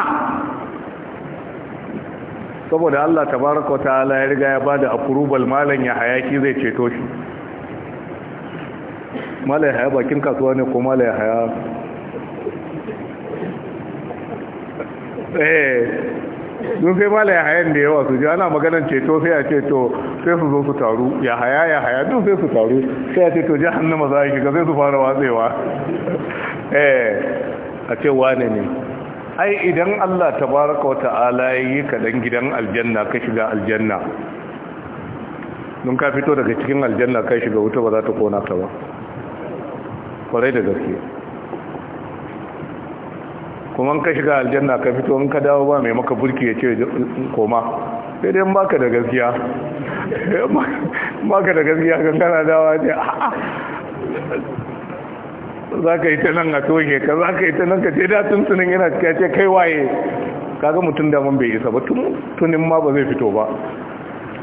saboda Allah tabaraka wa ta'ala ya riga ya bada approval malan ya hayaki zai ceto shi malaya haya bakin kasuwa ne ko malaya haya Eh. don sai mala ya hayan da yawa su ji ana maganin ceto sai a ceto sai su zo su taru ya haya ya haya don sai su taru sai a ceto ji hannun maza a shiga sai su fara watsewa eh. a ce wane ne ai idan allah ta baraka wata ala ya yi kaɗan gidan aljanna ka shiga aljanna don ka fito daga cikin aljanna ka shiga wuta ba za ta kona ta ba kwarai da gaske kuma ka shiga aljanna ka fito in ka dawo ba mai maka burki ya ce koma sai dai baka da gaskiya baka da gaskiya kan kana dawa ne ah, ah. za ka yi ta nan a toke ka za ka yi ta nan ka ce da tuntunin yana cikin ce kai waye kaga mutum daman bai isa ba tunin ma ba zai fito ba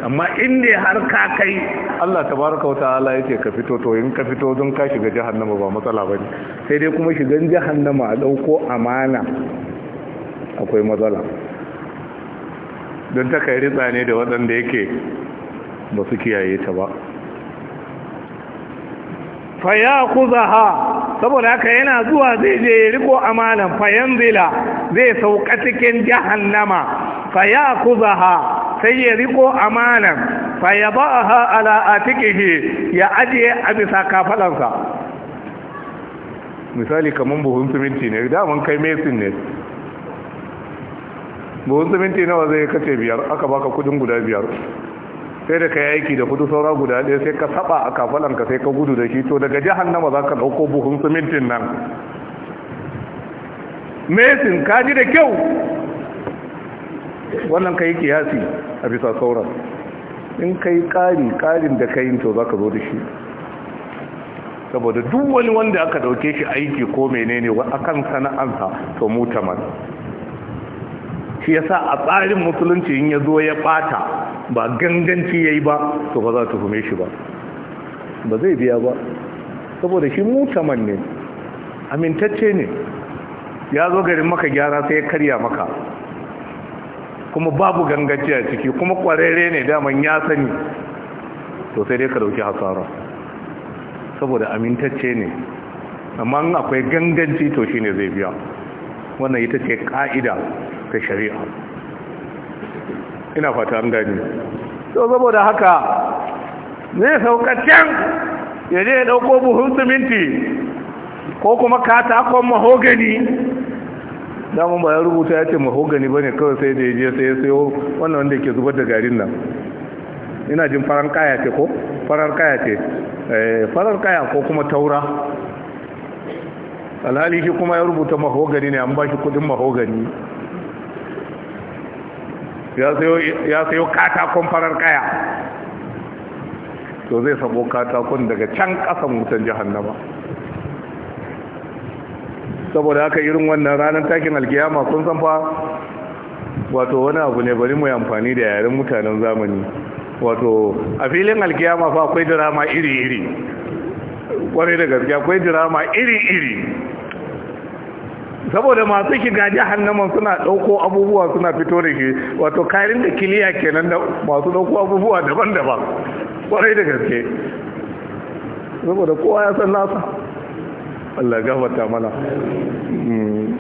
amma inda har ka kai Allah tabaraka wa ta'ala yake ka fito to in ka fito don ka shiga jahannama ba matsala bane sai dai kuma shigan jahannama a dauko amana akwai matsala don ta kai ritsa ne da waɗanda yake ba su kiyaye ta ba faya kuzaha saboda haka yana zuwa zai je ya riko amanan fayan zila zai sauka cikin jahannama faya kuzaha sai ya riko amana fa ya ba ha ala atikihi ya ajiye a bisa kafadansa misali kamar buhun siminti ne mun kai mesin ne buhun siminti nawa zai kace biyar aka baka kudin guda biyar sai da ka yi aiki da kudu saura guda ɗaya sai ka saba a kafalanka sai ka gudu da shi to daga jahannama za ka ɗauko buhun simintin nan mesin kaji da kyau wannan ka yi kiyasi a bisa sauran in ka ƙari ƙarin da ka yi to za ka zo da shi saboda duk wani wanda aka dauke shi aiki ko menene akan sana'ansa to man. shi sa a tsarin musulunci in ya zo ya bata ba ganganci yi ba to ba za ta hume shi ba ba zai biya ba saboda shi man ne amintacce ne ya zo garin maka gyara sai ya karya maka kuma babu ganganci a ciki kuma kwararre ne daman ya sani to sai dai ka dauki hasara saboda amintacce ne amma akwai ganganci to shine zai biya wannan ita ce ka'ida ta shari'a ina fata an gani to saboda haka zai saukacen ya je ya dauko buhun siminti ko kuma katakon mahogani damun ba ya rubuta ya ce mahogani ba ne kawai sai da ya je sai ya sayo wannan wanda ke zubar da garin nan ina jin farar kaya ce ko farar kaya ce eh, farar kaya ko kuma taura alhali shi kuma ya rubuta mahogani ne an ba shi kudin mahogani ya sayo katakon farar kaya to zai sabo katakon daga can kasan wutan jihannama saboda haka irin wannan ranar takin alkiyama kun san fa wato wani abu ne bari mu amfani da yaren mutanen zamani wato a filin alkiyama fa akwai drama iri-iri kwarai da gaske akwai drama iri-iri saboda masu shiga jahannaman suna dauko abubuwa suna fito da shi wato karin da kiliya kenan da masu dauko abubuwa daban-daban kwarai da gaske saboda kowa ya san nasa Allah gafarta mana hmm.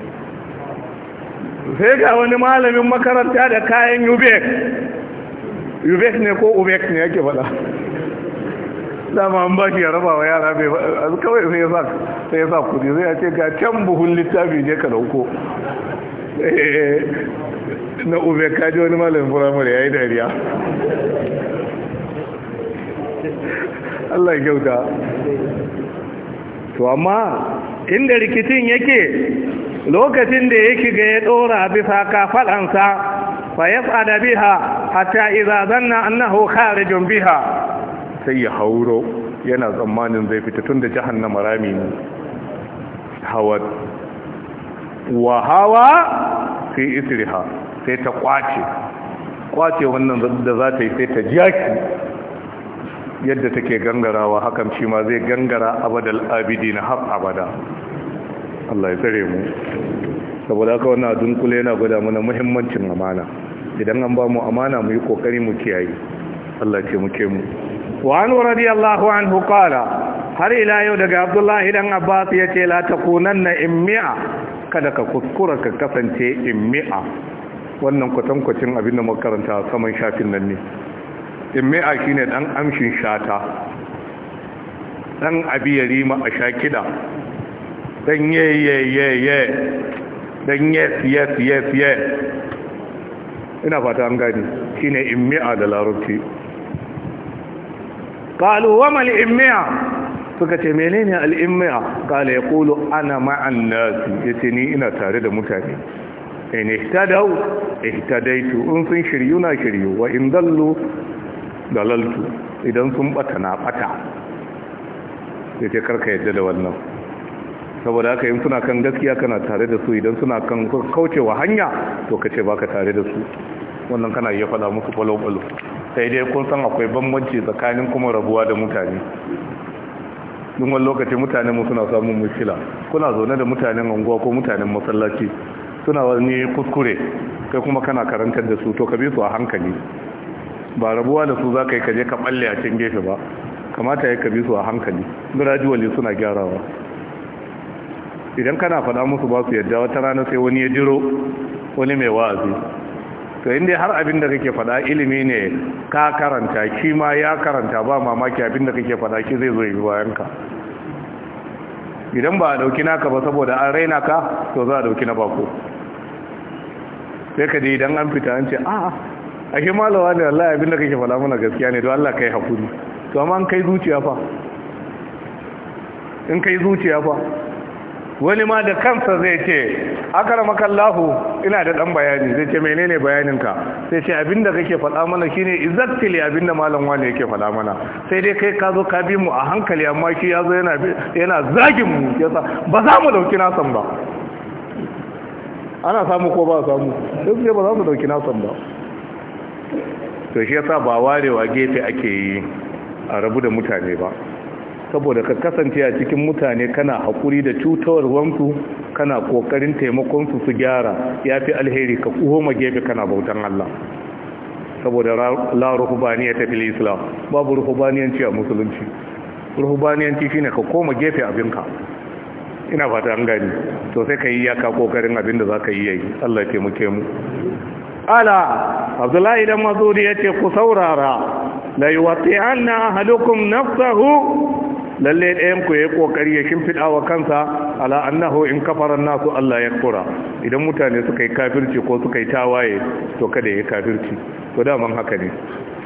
sai ga wani malamin makaranta da kayan ubek ubek ne ko ubek ne yake faɗa dama an ba shi ya raba wa yara bai kawai sai ya sa sai ya sa kudi sai ya ce ga can buhun littafi je ka dauko eh, na ubek ka ji wani malamin firamare ya yi dariya Allah ya kyauta to amma inda rikicin yake lokacin da yake ga ya dora bisa ansa fa yas'ada biha hatta idza zanna annahu kharijun biha sai ya hauro yana tsammanin zai fita tunda jahannama rami ne hawa wa hawa fi isriha sai ta kwace kwace wannan da za ta yi sai ta ki. yadda take gangarawa hakan shi ma zai gangara abadal na har abada Allah ya tsare mu saboda haka wannan dunkule yana gwada mana muhimmancin amana idan an ba mu amana mu yi kokari mu kiyaye Allah ya ce mu wa an radiyallahu anhu qala har ila yau daga abdullahi dan abbas ya ce la takunanna immi'a kada ka kuskura ka kasance immi'a wannan kwatankwacin abinda makaranta saman shafin nan ne immi'a shine dan amshin shata dan abiyari ma a sha kida dan ye ye ye ye dan yes yes yes yes ina fata an gani shine immi'a da larabci qalu wa mal immi'a suka ce menene al'immiya kala ya kulu ana ma'an nasu ya ce ni ina tare da mutane in ihtadau ihtadaitu in sun shiryu na shiryu wa in dallu dalaltu idan sun bata na bata ya ce karka yadda da wannan saboda haka yin suna kan gaskiya kana tare da su idan suna kan kaucewa hanya to kace baka tare da su wannan kana iya faɗa musu balo-balo sai dai kun san akwai bambanci tsakanin kuma rabuwa da mutane ɗin wani lokaci mutane mu suna samun mushkila kuna zaune da mutanen anguwa ko mutanen masallaci suna wani kuskure kai kuma kana karantar da su to ka bi su a hankali ba rabuwa da su za ka yi kaje ka balle a can gefe ba kamata ya kabi su a hankali gradually suna gyarawa idan kana faɗa musu ba su yadda wata rana sai wani ya jiro wani mai wa'azi to inda har abin da kake faɗa ilimi ne ka karanta shi ma ya karanta ba mamaki abin da kake faɗa shi zai zo yi bayan ka idan ba a ɗauki naka ba saboda an raina ka to za a ɗauki na bako sai ka je idan an fita an ce a'a a ke malawa ne wallahi abinda kake faɗa mana gaskiya ne don Allah kai hakuri to amma in kai zuciya fa in kai zuciya fa wani ma da kansa zai ce akaramakallahu ina da dan bayani zai ce menene bayaninka sai ce abinda kake faɗa mana shine abin abinda malam wani yake faɗa mana sai dai kai ka zo ka bi mu a hankali amma shi yazo yana yana zagin mu yasa ba za mu dauki nasan ba ana samu ko ba samu sai ba za mu dauki nasan ba to shi yasa ba warewa gefe ake yi a rabu da mutane ba saboda ka kasance a cikin mutane kana haƙuri da cutawar wanku kana ƙoƙarin taimakon su su gyara ya fi alheri ka koma gefe kana bautan Allah saboda la ruhubaniya ta fil islam babu ruhubaniyanci a musulunci ruhubaniyanci shine ka koma gefe abinka ina fata an gani to sai ka yi ka kokarin abin da za ka yi yayi Allah ya taimake mu ala abdullahi idan mazuri ce ku saurara la yuwati'anna ahadukum nafsahu lalle ɗayan ku yi ƙoƙari ya shimfida wa kansa ala annahu in kafara nasu Allah ya kura idan mutane suka yi kafirci ko suka yi tawaye to kada ya yi kafirci to daman haka ne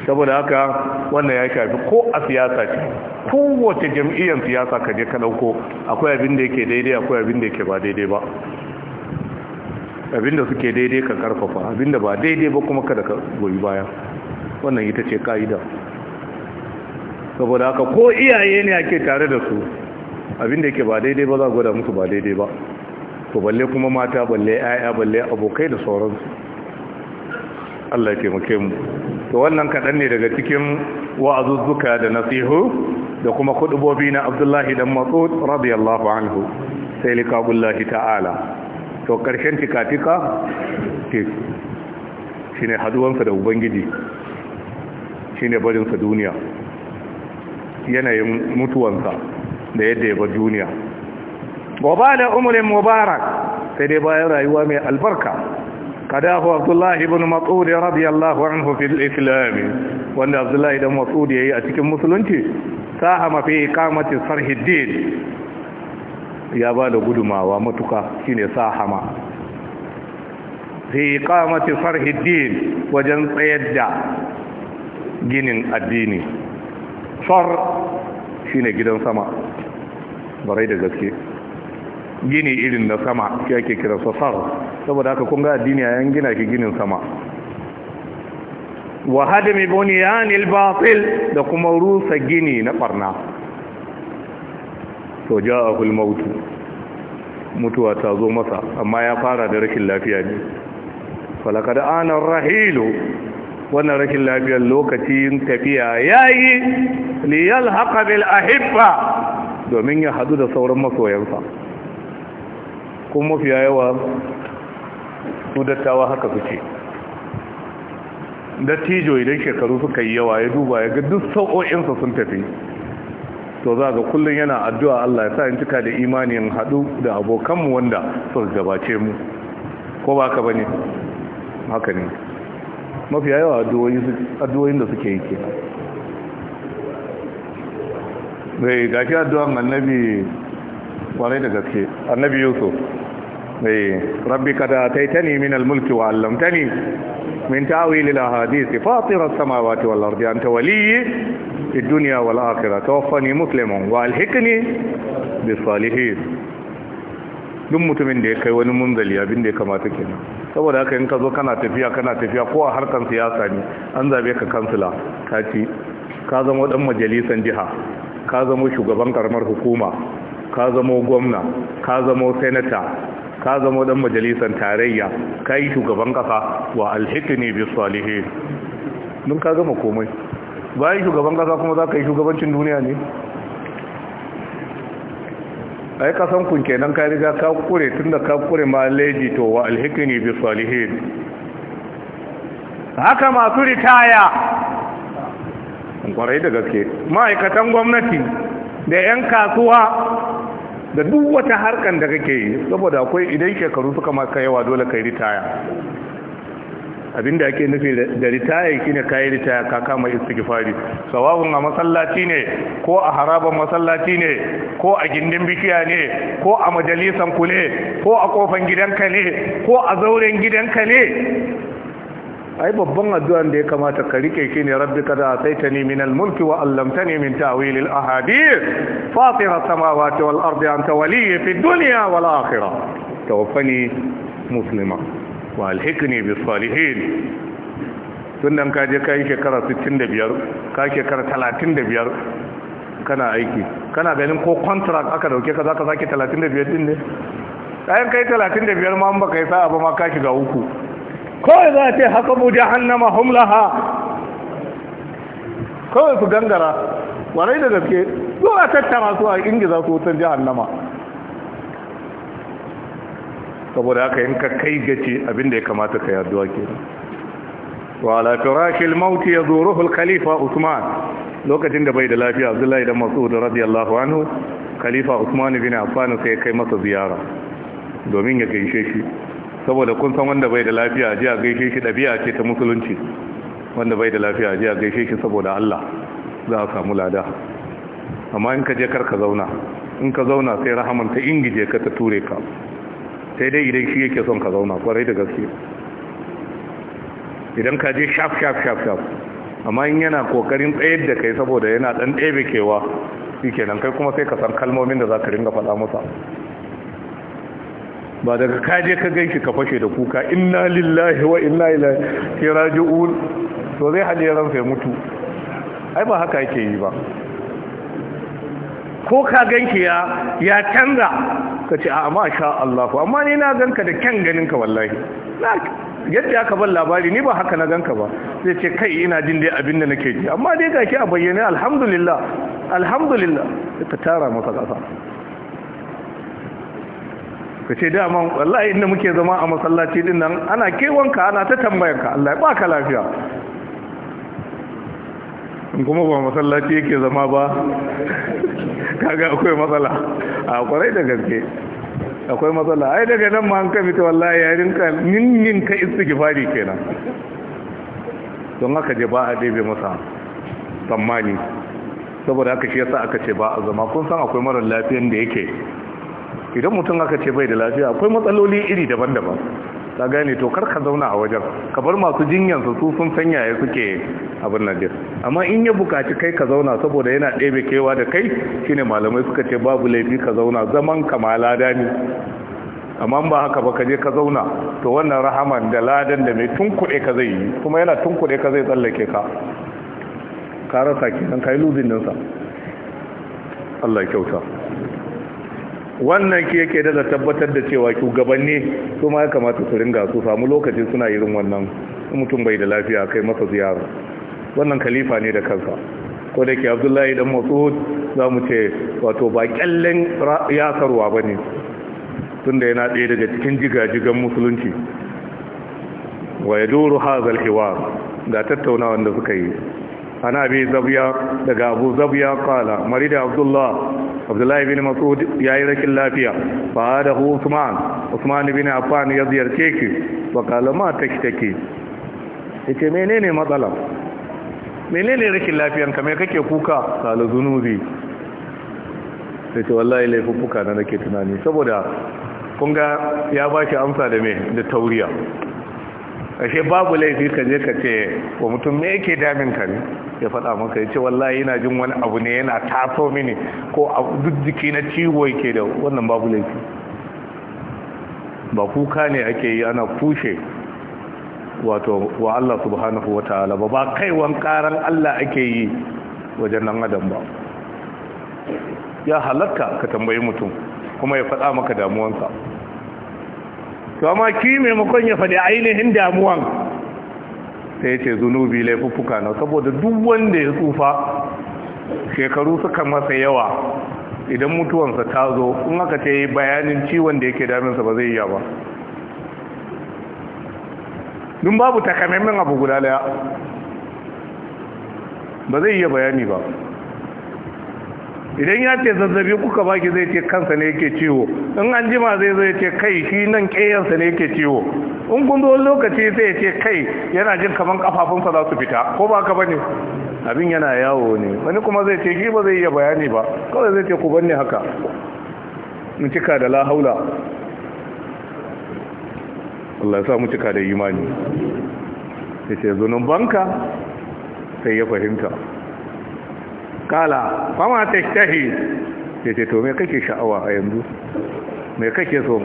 saboda haka wannan ya shafi ko a siyasa ce kowace jam'iyyar siyasa ka je ka dauko akwai abin da yake daidai akwai abin da yake ba daidai ba abinda suke daidai ka karfafa abinda ba daidai ba kuma kada ka goyi baya wannan ita ce ka'ida saboda haka ko iyaye ne ake tare da su abinda yake ba daidai ba za a gwada musu ba daidai ba to balle kuma mata balle 'ya'ya balle abokai da sauransu Allah ya taimake mu to wannan kaɗan ne daga cikin wa'azuzzuka da nasihu da kuma kudubobi na Abdullahi dan Mas'ud radiyallahu anhu sai likabullahi ta'ala to karshen tika-tika teku shi ne haduwansa da ubangiji shi ne barinsa duniya yanayin mutuwansa da yadda ya bar duniya da umarin mubarak sai dai bayan rayuwa mai albarka kadahu abdullahi ibn matsudi radiyallahu anhu fil islami wanda abdullahi dan matsudi yayi a cikin musulunci sahama fi iqamati sarhiddin ya ba da gudumawa matuka shine hama. fi iqamati farhi din wajen tsayar da ginin addini far shine gidan sama barai da gaske gini irin na sama shi ake kira far, saboda haka kun ga addini 'yan gina ki ginin sama wa hadami bunyanil batil da kuma rusa gini na barna to ja a hulmautu mutuwa ta zo masa amma ya fara da rashin lafiya ne falakada ana rahilu wannan rashin lafiyar lokacin tafiya ya yi liyal haka bil ahibba domin ya hadu da sauran masoyansa kuma mafiya yawa su dattawa haka suke dattijo idan shekaru suka yi yawa ya duba ya ga duk sau'o'insa sun tafi to za ga kullum yana addu'a Allah ya sa in cika da imanin haɗu da abokanmu wanda sun gabace mu ko ba ka bane haka ne mafi yawa addu'o'in da suke yi mai Gafi addu'an annabi kwarai da gaske annabi yusuf mai rabbi kada taitani min almulki wa allamtani min ta'wil alhadith fatir as-samawati wal ardi anta waliyyi في الدنيا والآخرة توفني مسلما والحقني بالصالحين duk mutumin da ya kai wani munzali abin da ya kamata kenan saboda haka in ka zo kana tafiya kana tafiya ko a harkar siyasa ne an zabe ka kansila ka ci ka zama dan majalisan jiha ka zama shugaban karamar hukuma ka zama gwamna ka zama senata ka zama dan majalisan tarayya ka yi shugaban kasa wa alhikni bis salihin mun ka gama komai bayan shugaban kasa kuma za ka yi shugabancin duniya ne a yi kasan kun kenan ka riga ka kure tun da ka kure ma leji to wa alhikini bi salihin haka masu ritaya kwarai da gaske ma'aikatan gwamnati da 'yan kasuwa da duk wata harkar da kake yi saboda akwai idan shekaru suka maka yawa dole kai ritaya abinda ake nufi da ritaya shine kai ritaya ka kama istighfari sawabun a masallaci ne ko a haraban masallaci ne ko a gindin bikiya ne ko a majalisan ku ne ko a kofan gidanka ne ko a zauren gidanka ne ai babban addu'an da ya kamata ka rike shi ne rabbi kada saitani min al-mulki wa allamtani min ta'wil al-ahadith fatir samawati wal ardi anta waliyyi fid dunya wal akhirah tawaffani musulma. wa alhikni bis salihin tun nan ka je kai shekara 65 ka shekara 35 kana aiki kana ganin ko contract aka dauke ka zaka zaki 35 din ne bayan kai 35 ma an baka yi sa'a ba ma ka shiga uku kawai za ta haka bu jahannama hum laha kawai su gangara warai da gaske zuwa tattara su a ingiza su wutan jahannama saboda haka in ka kai gace abinda ya kamata ka yaduwa ke wa ala firashil maut yazuruhu al-khalifa Usman lokacin da bai da lafiya Abdullahi dan Mas'ud radiyallahu anhu khalifa Usman bin Affan sai kai masa ziyara domin ya gaishe shi saboda kun san wanda bai da lafiya ji a gaishe shi dabi'a ce ta musulunci wanda bai da lafiya ji a gaishe shi saboda Allah za a samu lada amma in ka je kar ka zauna in ka zauna sai rahaman ta ingije ka ta ture ka sai dai idan shi yake son ka zauna kwarai da gaske idan ka je shaf shaf shaf shaf amma in yana kokarin tsayar da kai saboda yana dan ɗebe kewa shi kenan kai kuma sai ka san kalmomin da za ka ringa faɗa masa ba daga kaje ka gan shi ka fashe da kuka inna lillahi wa inna ilaihi raji'un to zai haje ya ya mutu ai ba haka yake yi ba ko ka gan ya ya canza ka ce a ma sha Allah amma ni na ganka da kyan ganinka wallahi yadda aka ban labari ni ba haka na ganka ba sai ce kai ina jin dai abin da nake ji amma dai gaki a bayyane alhamdulillah alhamdulillah ta tara masa kasa ka ce daman wallahi inda muke zama a masallaci din nan ana kewanka ana ta tambayanka Allah ya baka lafiya kuma ba masallaci yake zama ba kaga akwai matsala a kwarai da gaske akwai matsala ai daga nan ma an ka fita wallahi ya rinka ninnin ka istighfari kenan don haka je ba a ɗebe masa tsammani saboda haka shi yasa aka ce ba a zama kun san akwai marar lafiyan da yake idan mutum aka ce bai da lafiya akwai matsaloli iri daban-daban ka gane to kar ka zauna a wajen ka bar masu jinyan su sun sanya ya suke abin nan din amma in ya bukaci kai ka zauna saboda yana ɗebe kewa da kai shine malamai suka ce babu laifi ka zauna zaman kamala dani amma ba haka ba ka je ka zauna to wannan rahaman da ladan da mai tunkuɗe ka zai yi kuma yana tunkuɗe ka zai tsallake ka ka rasa kenan kai lubin dinsa Allah kyauta wannan ke yake da tabbatar da cewa shugabanni su ma ya kamata su ringa su samu lokaci suna irin wannan mutum bai da lafiya kai masa ziyara wannan khalifa ne da kansa ko da ke abdullahi dan matsud za mu ce wato ba kyallen yasarwa ba ne tunda yana ɗaya daga cikin jigajigan musulunci wa ya duru hazal ga tattaunawan da suka yi ana bi zabiya daga abu zabiya kala mari da abdullah abdullahi bin mas'ud ya yi rakin lafiya fa da usman usman bin affan ya ziyarce ki wa kala ma take take yace menene matsala menene rakin lafiyan ka me kake kuka kala zunubi yace wallahi laifuka na nake tunani saboda kun ga ya bashi amsa da me da tauriya ashe babu laifi ka je ka ce wa mutum me yake damin ka ne ya faɗa maka ya ce wallahi yana jin wani abu ne yana taso mini ko duk jiki na ciwo yake da wannan babu laifi ba kuka ne ake yi ana kushe wato wa Allah subhanahu wa ta'ala ba ba kaiwan karan Allah ake yi wajen nan adam ba ya halatta ka tambayi mutum kuma ya faɗa maka damuwansa to ki maimakon ya faɗi ainihin damuwan sai ce zunubi laifuffuka na saboda duk wanda ya tsufa shekaru suka masa yawa idan mutuwansa ta zo in aka ce bayanin ciwon da yake daminsa ba zai yi ba dun babu takamaimin abu guda daya ba zai iya bayani ba idan ya ce zazzabi kuka baki zai ce kansa ne yake ciwo in an jima zai zai ce kai shi nan ƙeyansa ne yake ciwo in kun zo lokaci zai ce kai yana jin kaman kafafunsa za su fita ko ba ka bane abin yana yawo ne wani kuma zai ce shi ba zai iya bayani ba kawai zai ce ku banne haka mu cika da la haula Allah ya sa mu cika da imani yace banka sai ya fahimta kala fama ta shahi ya ce to mai kake sha'awa a yanzu mai kake so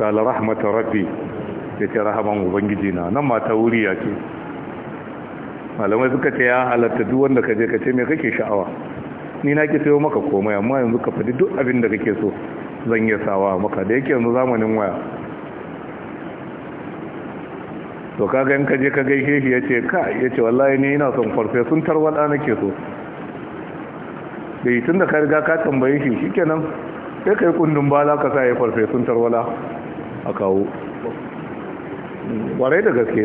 kala rahmatar rafi ya ce rahaman ubangiji na nan mata wuri ya ce malamai suka ce ya halatta duk wanda ka je ka ce mai kake sha'awa ni na ke sayo maka komai amma yanzu ka faɗi duk abin da kake so zan iya sawa maka da yake yanzu zamanin waya to kaga in ka je ka gaishe shi yace ka yace wallahi ne ina son farfesun tarwada nake so sai eh, tun da ka riga ka tambaye shi shikenan sai kai kundin bala ka sa ya farfesun tarwala a kawo warai da gaske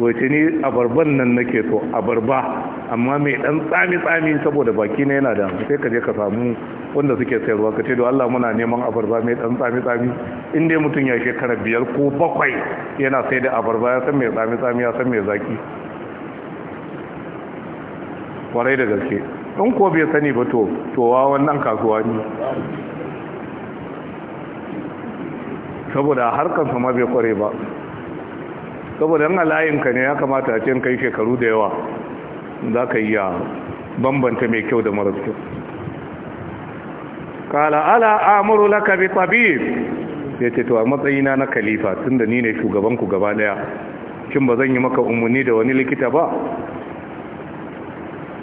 wace ni a barban nan nake so a barba amma mai dan tsami tsami saboda baki na yana da sai ka je ka samu wanda suke sayarwa ka ce da Allah muna neman abarba mai dan tsami tsami in dai mutum ya shekara biyar ko bakwai yana sai da abarba ya san mai tsami tsami ya san mai zaki kwarai da gaske in ko bai sani ba to towa wannan kasuwa ne saboda harkar sama bai kware ba saboda yana layinka ne ya kamata a cikin kai shekaru da yawa za ka iya bambanta mai kyau da maras kyau kala ala amuru laka bi tabib ya ce to matsayina na khalifa tunda ni ne shugabanku gaba daya kin ba zan yi maka umarni da wani likita ba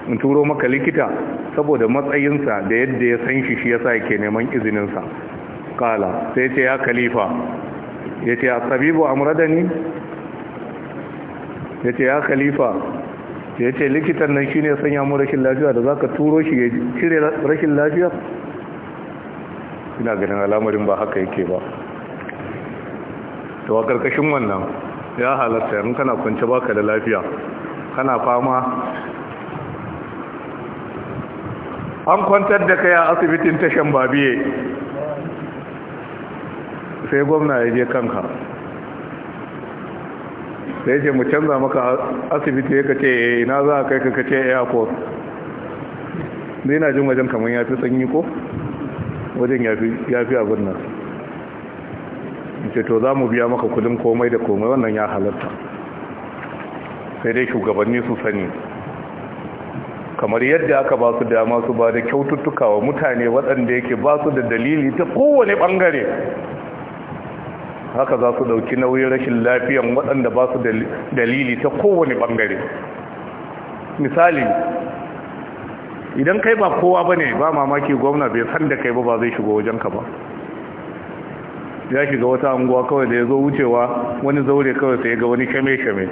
in turo maka likita saboda matsayinsa da yadda ya san shi shi sa yake neman izininsa kala sai ce ya kalifa. ya ce a asabibu ne? ya ce ya kalifa. ya ce likitan nan shi ne sanya mu rashin lafiya da za ka turo shi ya cire rashin lafiya ina ganin al'amarin ba haka yake ba to a karkashin wannan ya halatta in kana kwance baka da lafiya kana fama an kwantar da kai a asibitin tashan babiye sai gwamna ya je kanka Sai ce mu canza maka asibiti ya kace eh, ina za a kai ka kace airport zai na jin wajen kamar ya fi sanyi ko wajen ya fi abin nan ce to za mu biya maka kudin komai da komai wannan ya halatta sai dai shugabanni su sani kamar yadda aka ba su dama su ba da kyaututtuka wa mutane waɗanda yake ba su da dalili ta kowane ɓangare haka za su ɗauki nauyin rashin lafiyan waɗanda ba su da dalili ta kowane ɓangare misali idan kai ba kowa ba ne ba mamaki gwamna bai san da kai ba ba zai shigo wajenka ba ya shiga wata unguwa kawai da ya zo wucewa wani zaure kawai sai ga wani kame kame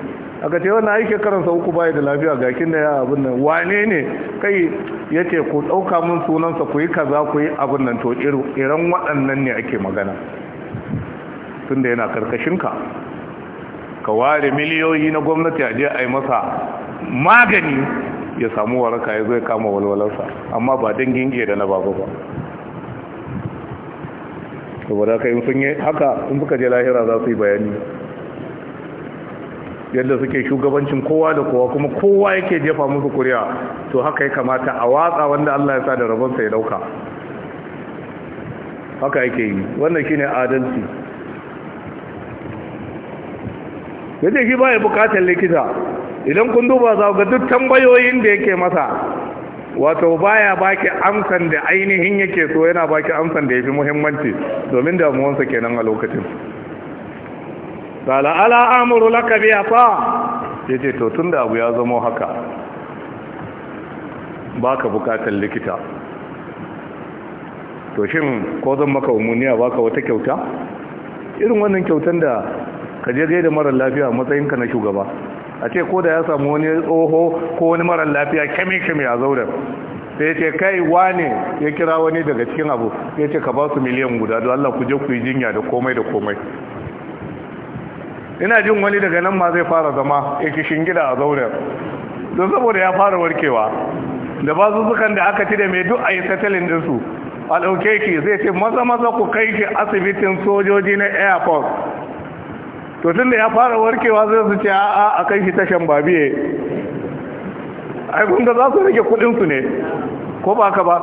ga ce wannan aiki karansa uku baya da lafiya ga kin da ya abin nan wane ne kai yace ku dauka mun sunansa ku yi kaza ku yi abin nan to irin waɗannan ne ake magana tunda yana karkashin ka ka ware miliyoyi na gwamnati a je a yi masa magani ya samu waraka ya zo ya kama walwalarsa amma ba dangin iya da na baba ba saboda haka in sun yi haka in suka je lahira za su yi bayani yadda suke shugabancin kowa da kowa kuma kowa yake jefa musu kuriya to haka ya kamata a watsa wanda Allah ya sa da rabonsa ya dauka haka yake yi wannan shine adalci yadda shi ba ya bukatar likita idan kun duba za ga duk tambayoyin da yake masa wato baya baki amsan da ainihin yake so yana baki amsan da yafi muhimmanci domin damuwansa kenan a lokacin sala ala amru laka bi afa yace to tunda abu ya zama haka baka bukatar likita to shin ko zan maka umuniya baka wata kyauta irin wannan kyautan da ka je da mara lafiya matsayinka na shugaba a ce ko da ya samu wani tsoho ko wani marar lafiya kemi-kemi a da sai ce kai wane ya kira wani daga cikin abu ya ce ka ba su miliyan guda don Allah ku je ku yi jinya da komai da komai ina jin wani daga nan ma zai fara zama ya kishin gida a zaure don saboda ya fara warkewa da ba su sukan da aka ci da mai duk a yi tattalin dinsu a ɗauke ki zai ce maza maza ku kai ki asibitin sojoji na airport to tun da ya fara warkewa zai su ce a'a a kan shi tashan babiye ai kun za su rage kudinsu ne ko ba ka ba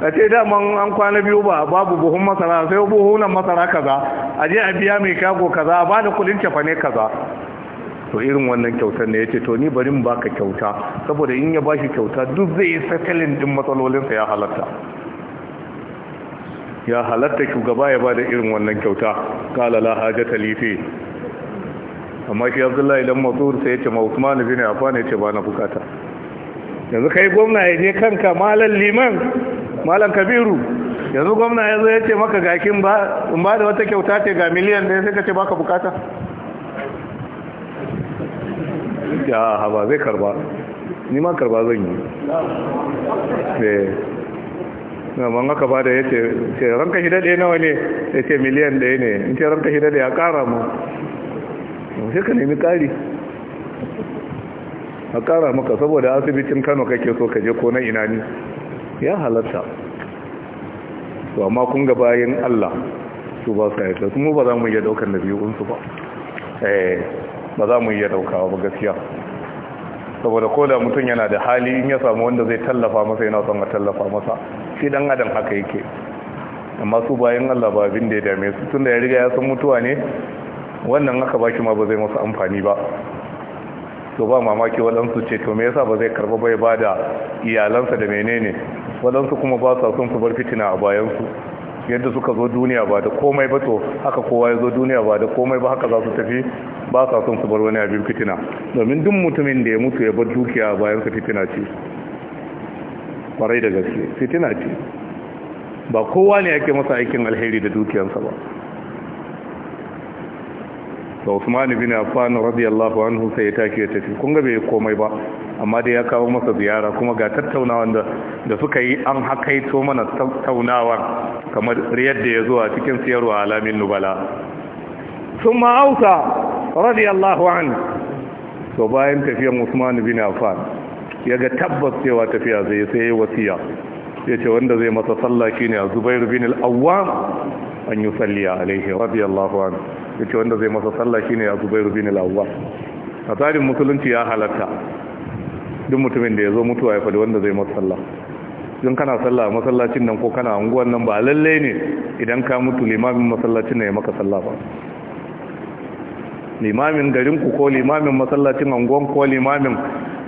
a ce daman an kwana biyu ba babu buhun masara sai buhunan masara kaza a je a biya mai kago kaza a ba da kudin cefane kaza to irin wannan kyautar ne ya ce to ni bari mu baka kyauta saboda in ya bashi kyauta duk zai yi sakalin din matsalolinsa ya halatta ya halatta shugaba ya bada irin wannan kyauta kala la hajata lifi amma shi abdullahi idan masud sai ya ce ma usman bin fa ne ce ba na bukata yanzu kai gwamna ya je kanka malam liman malam kabiru yanzu gwamna ya zo ya ce maka gakin ba in ba da wata kyauta ce ga miliyan ɗaya sai ka ce baka bukata ya haba zai karba ni ma karba zan yi eh. na man haka ba da ya ce ranka shi nawa ne ya ce miliyan ɗaya ne in ce ranka shi ya ƙara mu sai ka nemi ƙari a ƙara maka saboda asibitin kano kake so ka je ko na ina ne ya halatta to amma kun ga bayan Allah su ba su haifar kuma ba za mu iya daukar da biyunsu ba eh, ba za mu iya daukawa ba gaskiya saboda ko da mutum yana da hali in ya samu wanda zai tallafa masa yana son a tallafa masa shi dan adam haka yake amma su bayan Allah ba abin da ya dame su da ya riga ya san mutuwa ne wannan aka baki ma ba zai masa amfani ba to ba mamaki waɗansu ce to me yasa ba zai karba bai ba da iyalansa da menene waɗansu kuma ba sa son su bar fitina a bayansu yadda suka zo duniya ba da komai ba to haka kowa ya zo duniya ba da komai ba haka za su tafi ba sa son su bar wani abin fitina domin duk mutumin da ya mutu ya bar dukiya bayansa fitina ce kwarai da gaske fitina ce ba kowa ne yake masa aikin alheri da dukiyansa ba da Usman bin Affan radiyallahu anhu sai ya take ya tafi kun ga bai komai ba amma dai ya kawo masa ziyara kuma ga tattaunawa da da suka yi an hakaito mana tattaunawa kamar yadda ya zo a cikin siyarwa alamin nubala thumma ausa radiyallahu anhu to bayan tafiyar Usman bin Affan ya ga tabbas cewa tafiya zai sai wasiya ya ce wanda zai masa sallah shine Zubair bin al-Awwam an yusalli alaihi radiyallahu anhu yace wanda zai masa sallah shine Zubairu bin al-Awwal a tsarin musulunci ya halatta duk mutumin da ya zo mutuwa ya faɗi wanda zai masa sallah don kana sallah a masallacin nan ko kana unguwan nan ba lalle ne idan ka mutu limamin masallacin nan ya maka sallah ba limamin garinku ko limamin masallacin anguwan ko limamin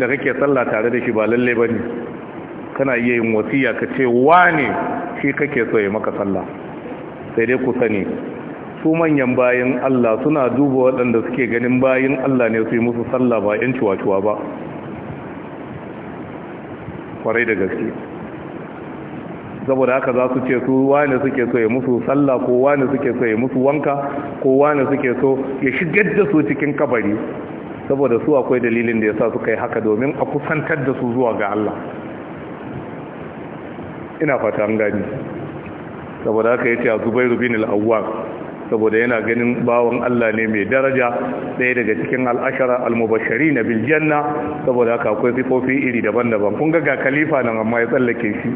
da kake sallah tare da shi ba lalle ba ne kana iya yin wasiya ka ce wane shi kake so ya maka sallah sai dai ku sani su manyan bayan Allah suna duba waɗanda suke ganin bayan Allah ne su yi musu sallah ba ‘yan cuwa-cuwa ba kwarai da gaske saboda haka za su ce su wane suke so ya musu sallah ko wane suke so ya musu wanka ko wane suke so ya shigar da su cikin kabari saboda su akwai dalilin da ya sa suka yi haka domin a kusantar da su zuwa ga Allah ina fata an gani saboda haka ya ce Zubairu bin al-Awwaq saboda yana ganin bawon Allah ne mai daraja ɗaya daga cikin al'ashara al-mubashari na biljanna saboda haka akwai sifofi iri daban-daban kun ga ga khalifa nan amma ya tsallake shi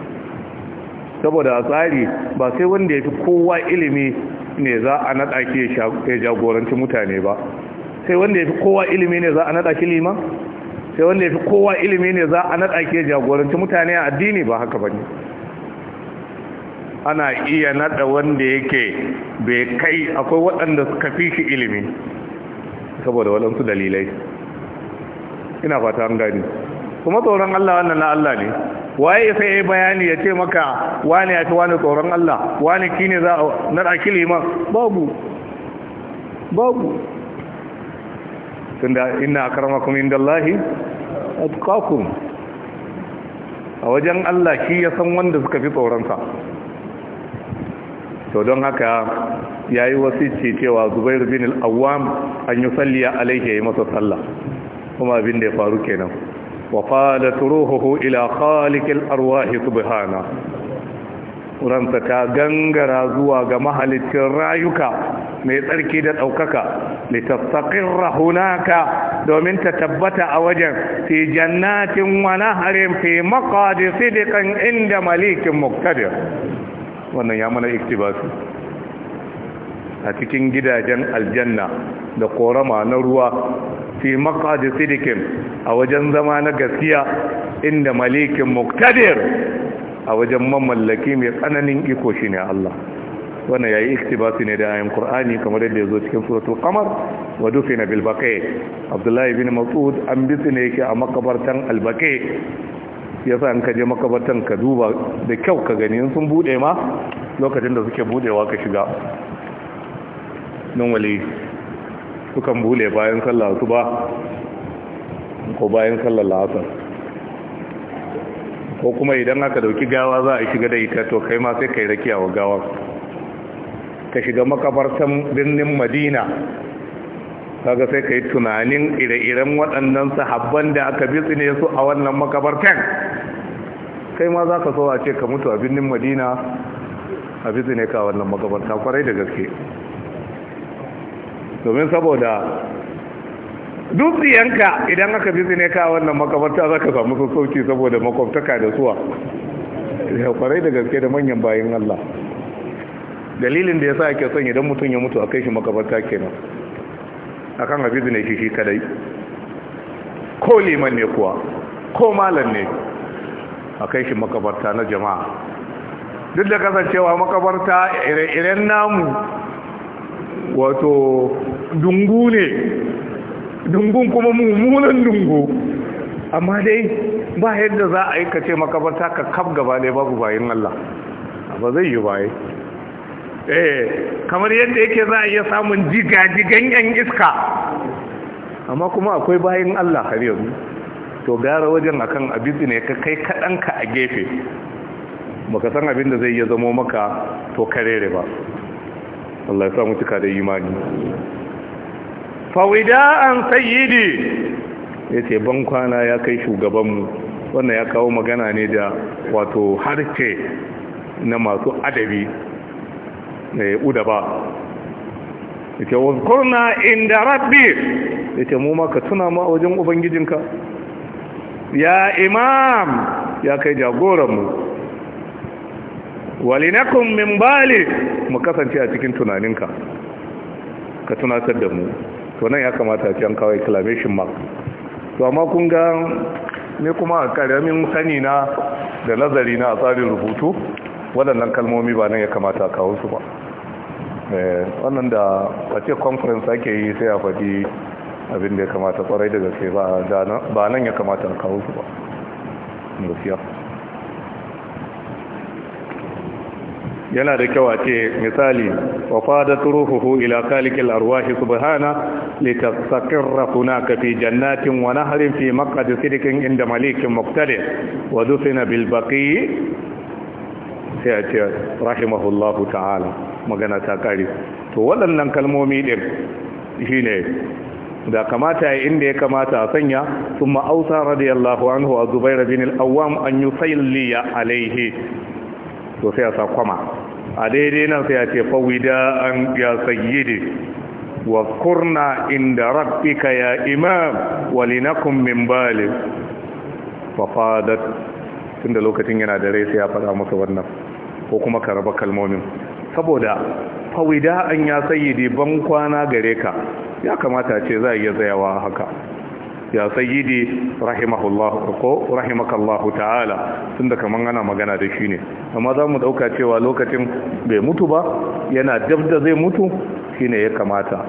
saboda a tsari ba sai wanda ya fi kowa ilimi ne za a naɗa ke ya jagoranci mutane ba sai wanda ya fi kowa ilimi ne za a naɗa ki liman sai wanda ya fi kowa ilimi ne za a naɗa ke jagoranci mutane a addini ba haka ba ne ana iya nada wanda yake bai kai akwai waɗanda suka fi shi ilimi saboda waɗansu dalilai ina fata an gani kuma tsoron Allah wannan na Allah ne waye sai ya bayani ya ce maka wani ya fi wani tsoron Allah wani kine za a nada kiliman babu babu tunda inna akramakum indallahi atqakum a wajen Allah shi ya san wanda suka fi tsoronsa to don haka yayi wasici cewa Zubairu bin al-Awwam an yusalli alayhi ya yi masa sallah kuma abin da ya faru kenan wa qalat ruhuhu ila khaliq arwahi subhana ransa ta gangara zuwa ga mahalicin rayuka mai tsarki da ɗaukaka littattaƙin rahunaka domin ta tabbata a wajen fi jannatin wa naharin fi maƙadi sidikan inda malikin muktadir wannan ya mana iktibasu a cikin gidajen aljanna da korama na ruwa fi da sidikin a wajen zama na gaskiya inda malikin muktadir a wajen mamallaki mai tsananin iko shi ne Allah wannan ya yi iktibasi ne da ayin Qur'ani kamar yadda ya zo cikin suratul kamar wa dufe na baqi abdullahi bin Mas'ud an ne yake a makabartan al yasa an ka je makabartan ka duba da kyau ka gani sun bude ma lokacin da suke budewa ka shiga don wali sukan bude bayan sallah su ba ko bayan sallah la'asar ko kuma idan aka dauki gawa za a shiga da ita to kai ma sai ka yi rakiya wa gawa ka shiga makabartan birnin madina kaga sai ka yi tunanin ire-iren waɗannan sahabban da aka bitsine su a wannan makabartan kai ma za ka so a ce ka mutu a birnin madina a bitsine ka wannan makabarta kwarai da gaske domin saboda dutsiyanka idan aka bitsine ka wannan makabarta za ka samu sassauci saboda makwabtaka da suwa kwarai da gaske da manyan bayan Allah dalilin da ya sa ake son idan mutum ya mutu a kai shi makabarta kenan akan hafizu ne shi shi kadai ko liman ne kuwa ko malam ne a kai shi makabarta na jama'a duk da kasancewa makabarta ire-iren namu wato dungu ne dungun kuma mummunan dungu amma dai ba yadda za a yi kace makabarta ka kaf gaba ne babu bayin Allah ba zai yi baye eh kamar yadda yake za a iya samun jigajigan yan iska amma kuma akwai bayan Allah har yanzu to gara wajen akan abin ne ka kai kaɗanka a gefe maka san abin da zai iya zamo maka to karere ba Allah ya samu cika da imani sayidi ya ce ban kwana ya kai shugabanmu wannan ya kawo magana ne da wato harce na masu adabi Eh, uda ba yace wazkurna inda rabbi yake mu ma ka tuna mu wajen ubangijinka ya imam ya kai jagoran mu walinakum min bali mu kasance a cikin tunaninka ka tunatar da mu to nan ya kamata a ci kawai kalamishin exclamation mark to amma kun ga ne kuma a karamin sani na da nazari na a tsarin rubutu waɗannan kalmomi ba nan ya kamata kawo su ba eh, wannan da a ce conference ake yi sai a faɗi abin da ya kamata kwarai da gaske ba nan ya kamata a kawo su ba gaskiya yana da kyau a ce misali wa fada turuhu ila kalikil arwahi subhana litasaqirra hunaka fi jannatin wa nahrin fi maqad sidqin inda malikin muqtadir wa dufina bil baqi sai a ce rahimahullahu ta'ala magana ta kare to waɗannan kalmomi ɗin ne. da kamata ya inda ya kamata a sanya sun ma'ausa radiyallahu anhu a zubai rabin al'awam an yi sayiliya alaihi to sai a sa kwama a daidai nan sai a ce fawida an ya sayyidi wa kurna inda rabbika ya imam walinakun min bali fafadat tun da lokacin yana da rai sai ya faɗa musu wannan ko kuma ka raba kalmomin saboda fawida an ya sayyidi ban kwana gare ka ya kamata ce za a iya zayawa haka ya sayyidi rahimahullahu ko rahimakallahu ta'ala tun da kamar ana magana da shi ne amma za mu dauka cewa lokacin bai mutu ba yana dab da zai mutu ne ya kamata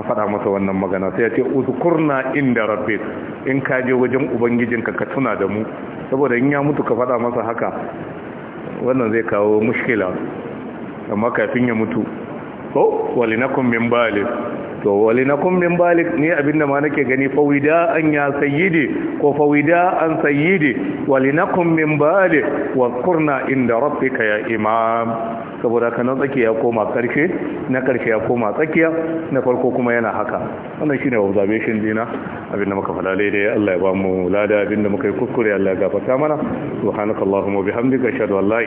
a faɗa masa wannan magana sai ya ce uzukurna inda rabbi in ka je wajen ubangijinka ka tuna da mu saboda in ya mutu ka faɗa masa haka wannan zai kawo mushkila amma kafin ya mutu ko oh, walinakum min balik to walinakum min balik ni abinda ma nake gani fawida an ya sayyidi ko fawida an sayyidi walinakum min balik wazkurna inda rabbika ya imam saboda ka na tsakiya koma karshe na karshe ya koma tsakiya na farko kuma yana haka wannan shine observation dina abinda muka fada daidai Allah ya ba mu lada abinda muka yi kuskure Allah ya gafarta mana subhanakallahumma bihamdika ashhadu an la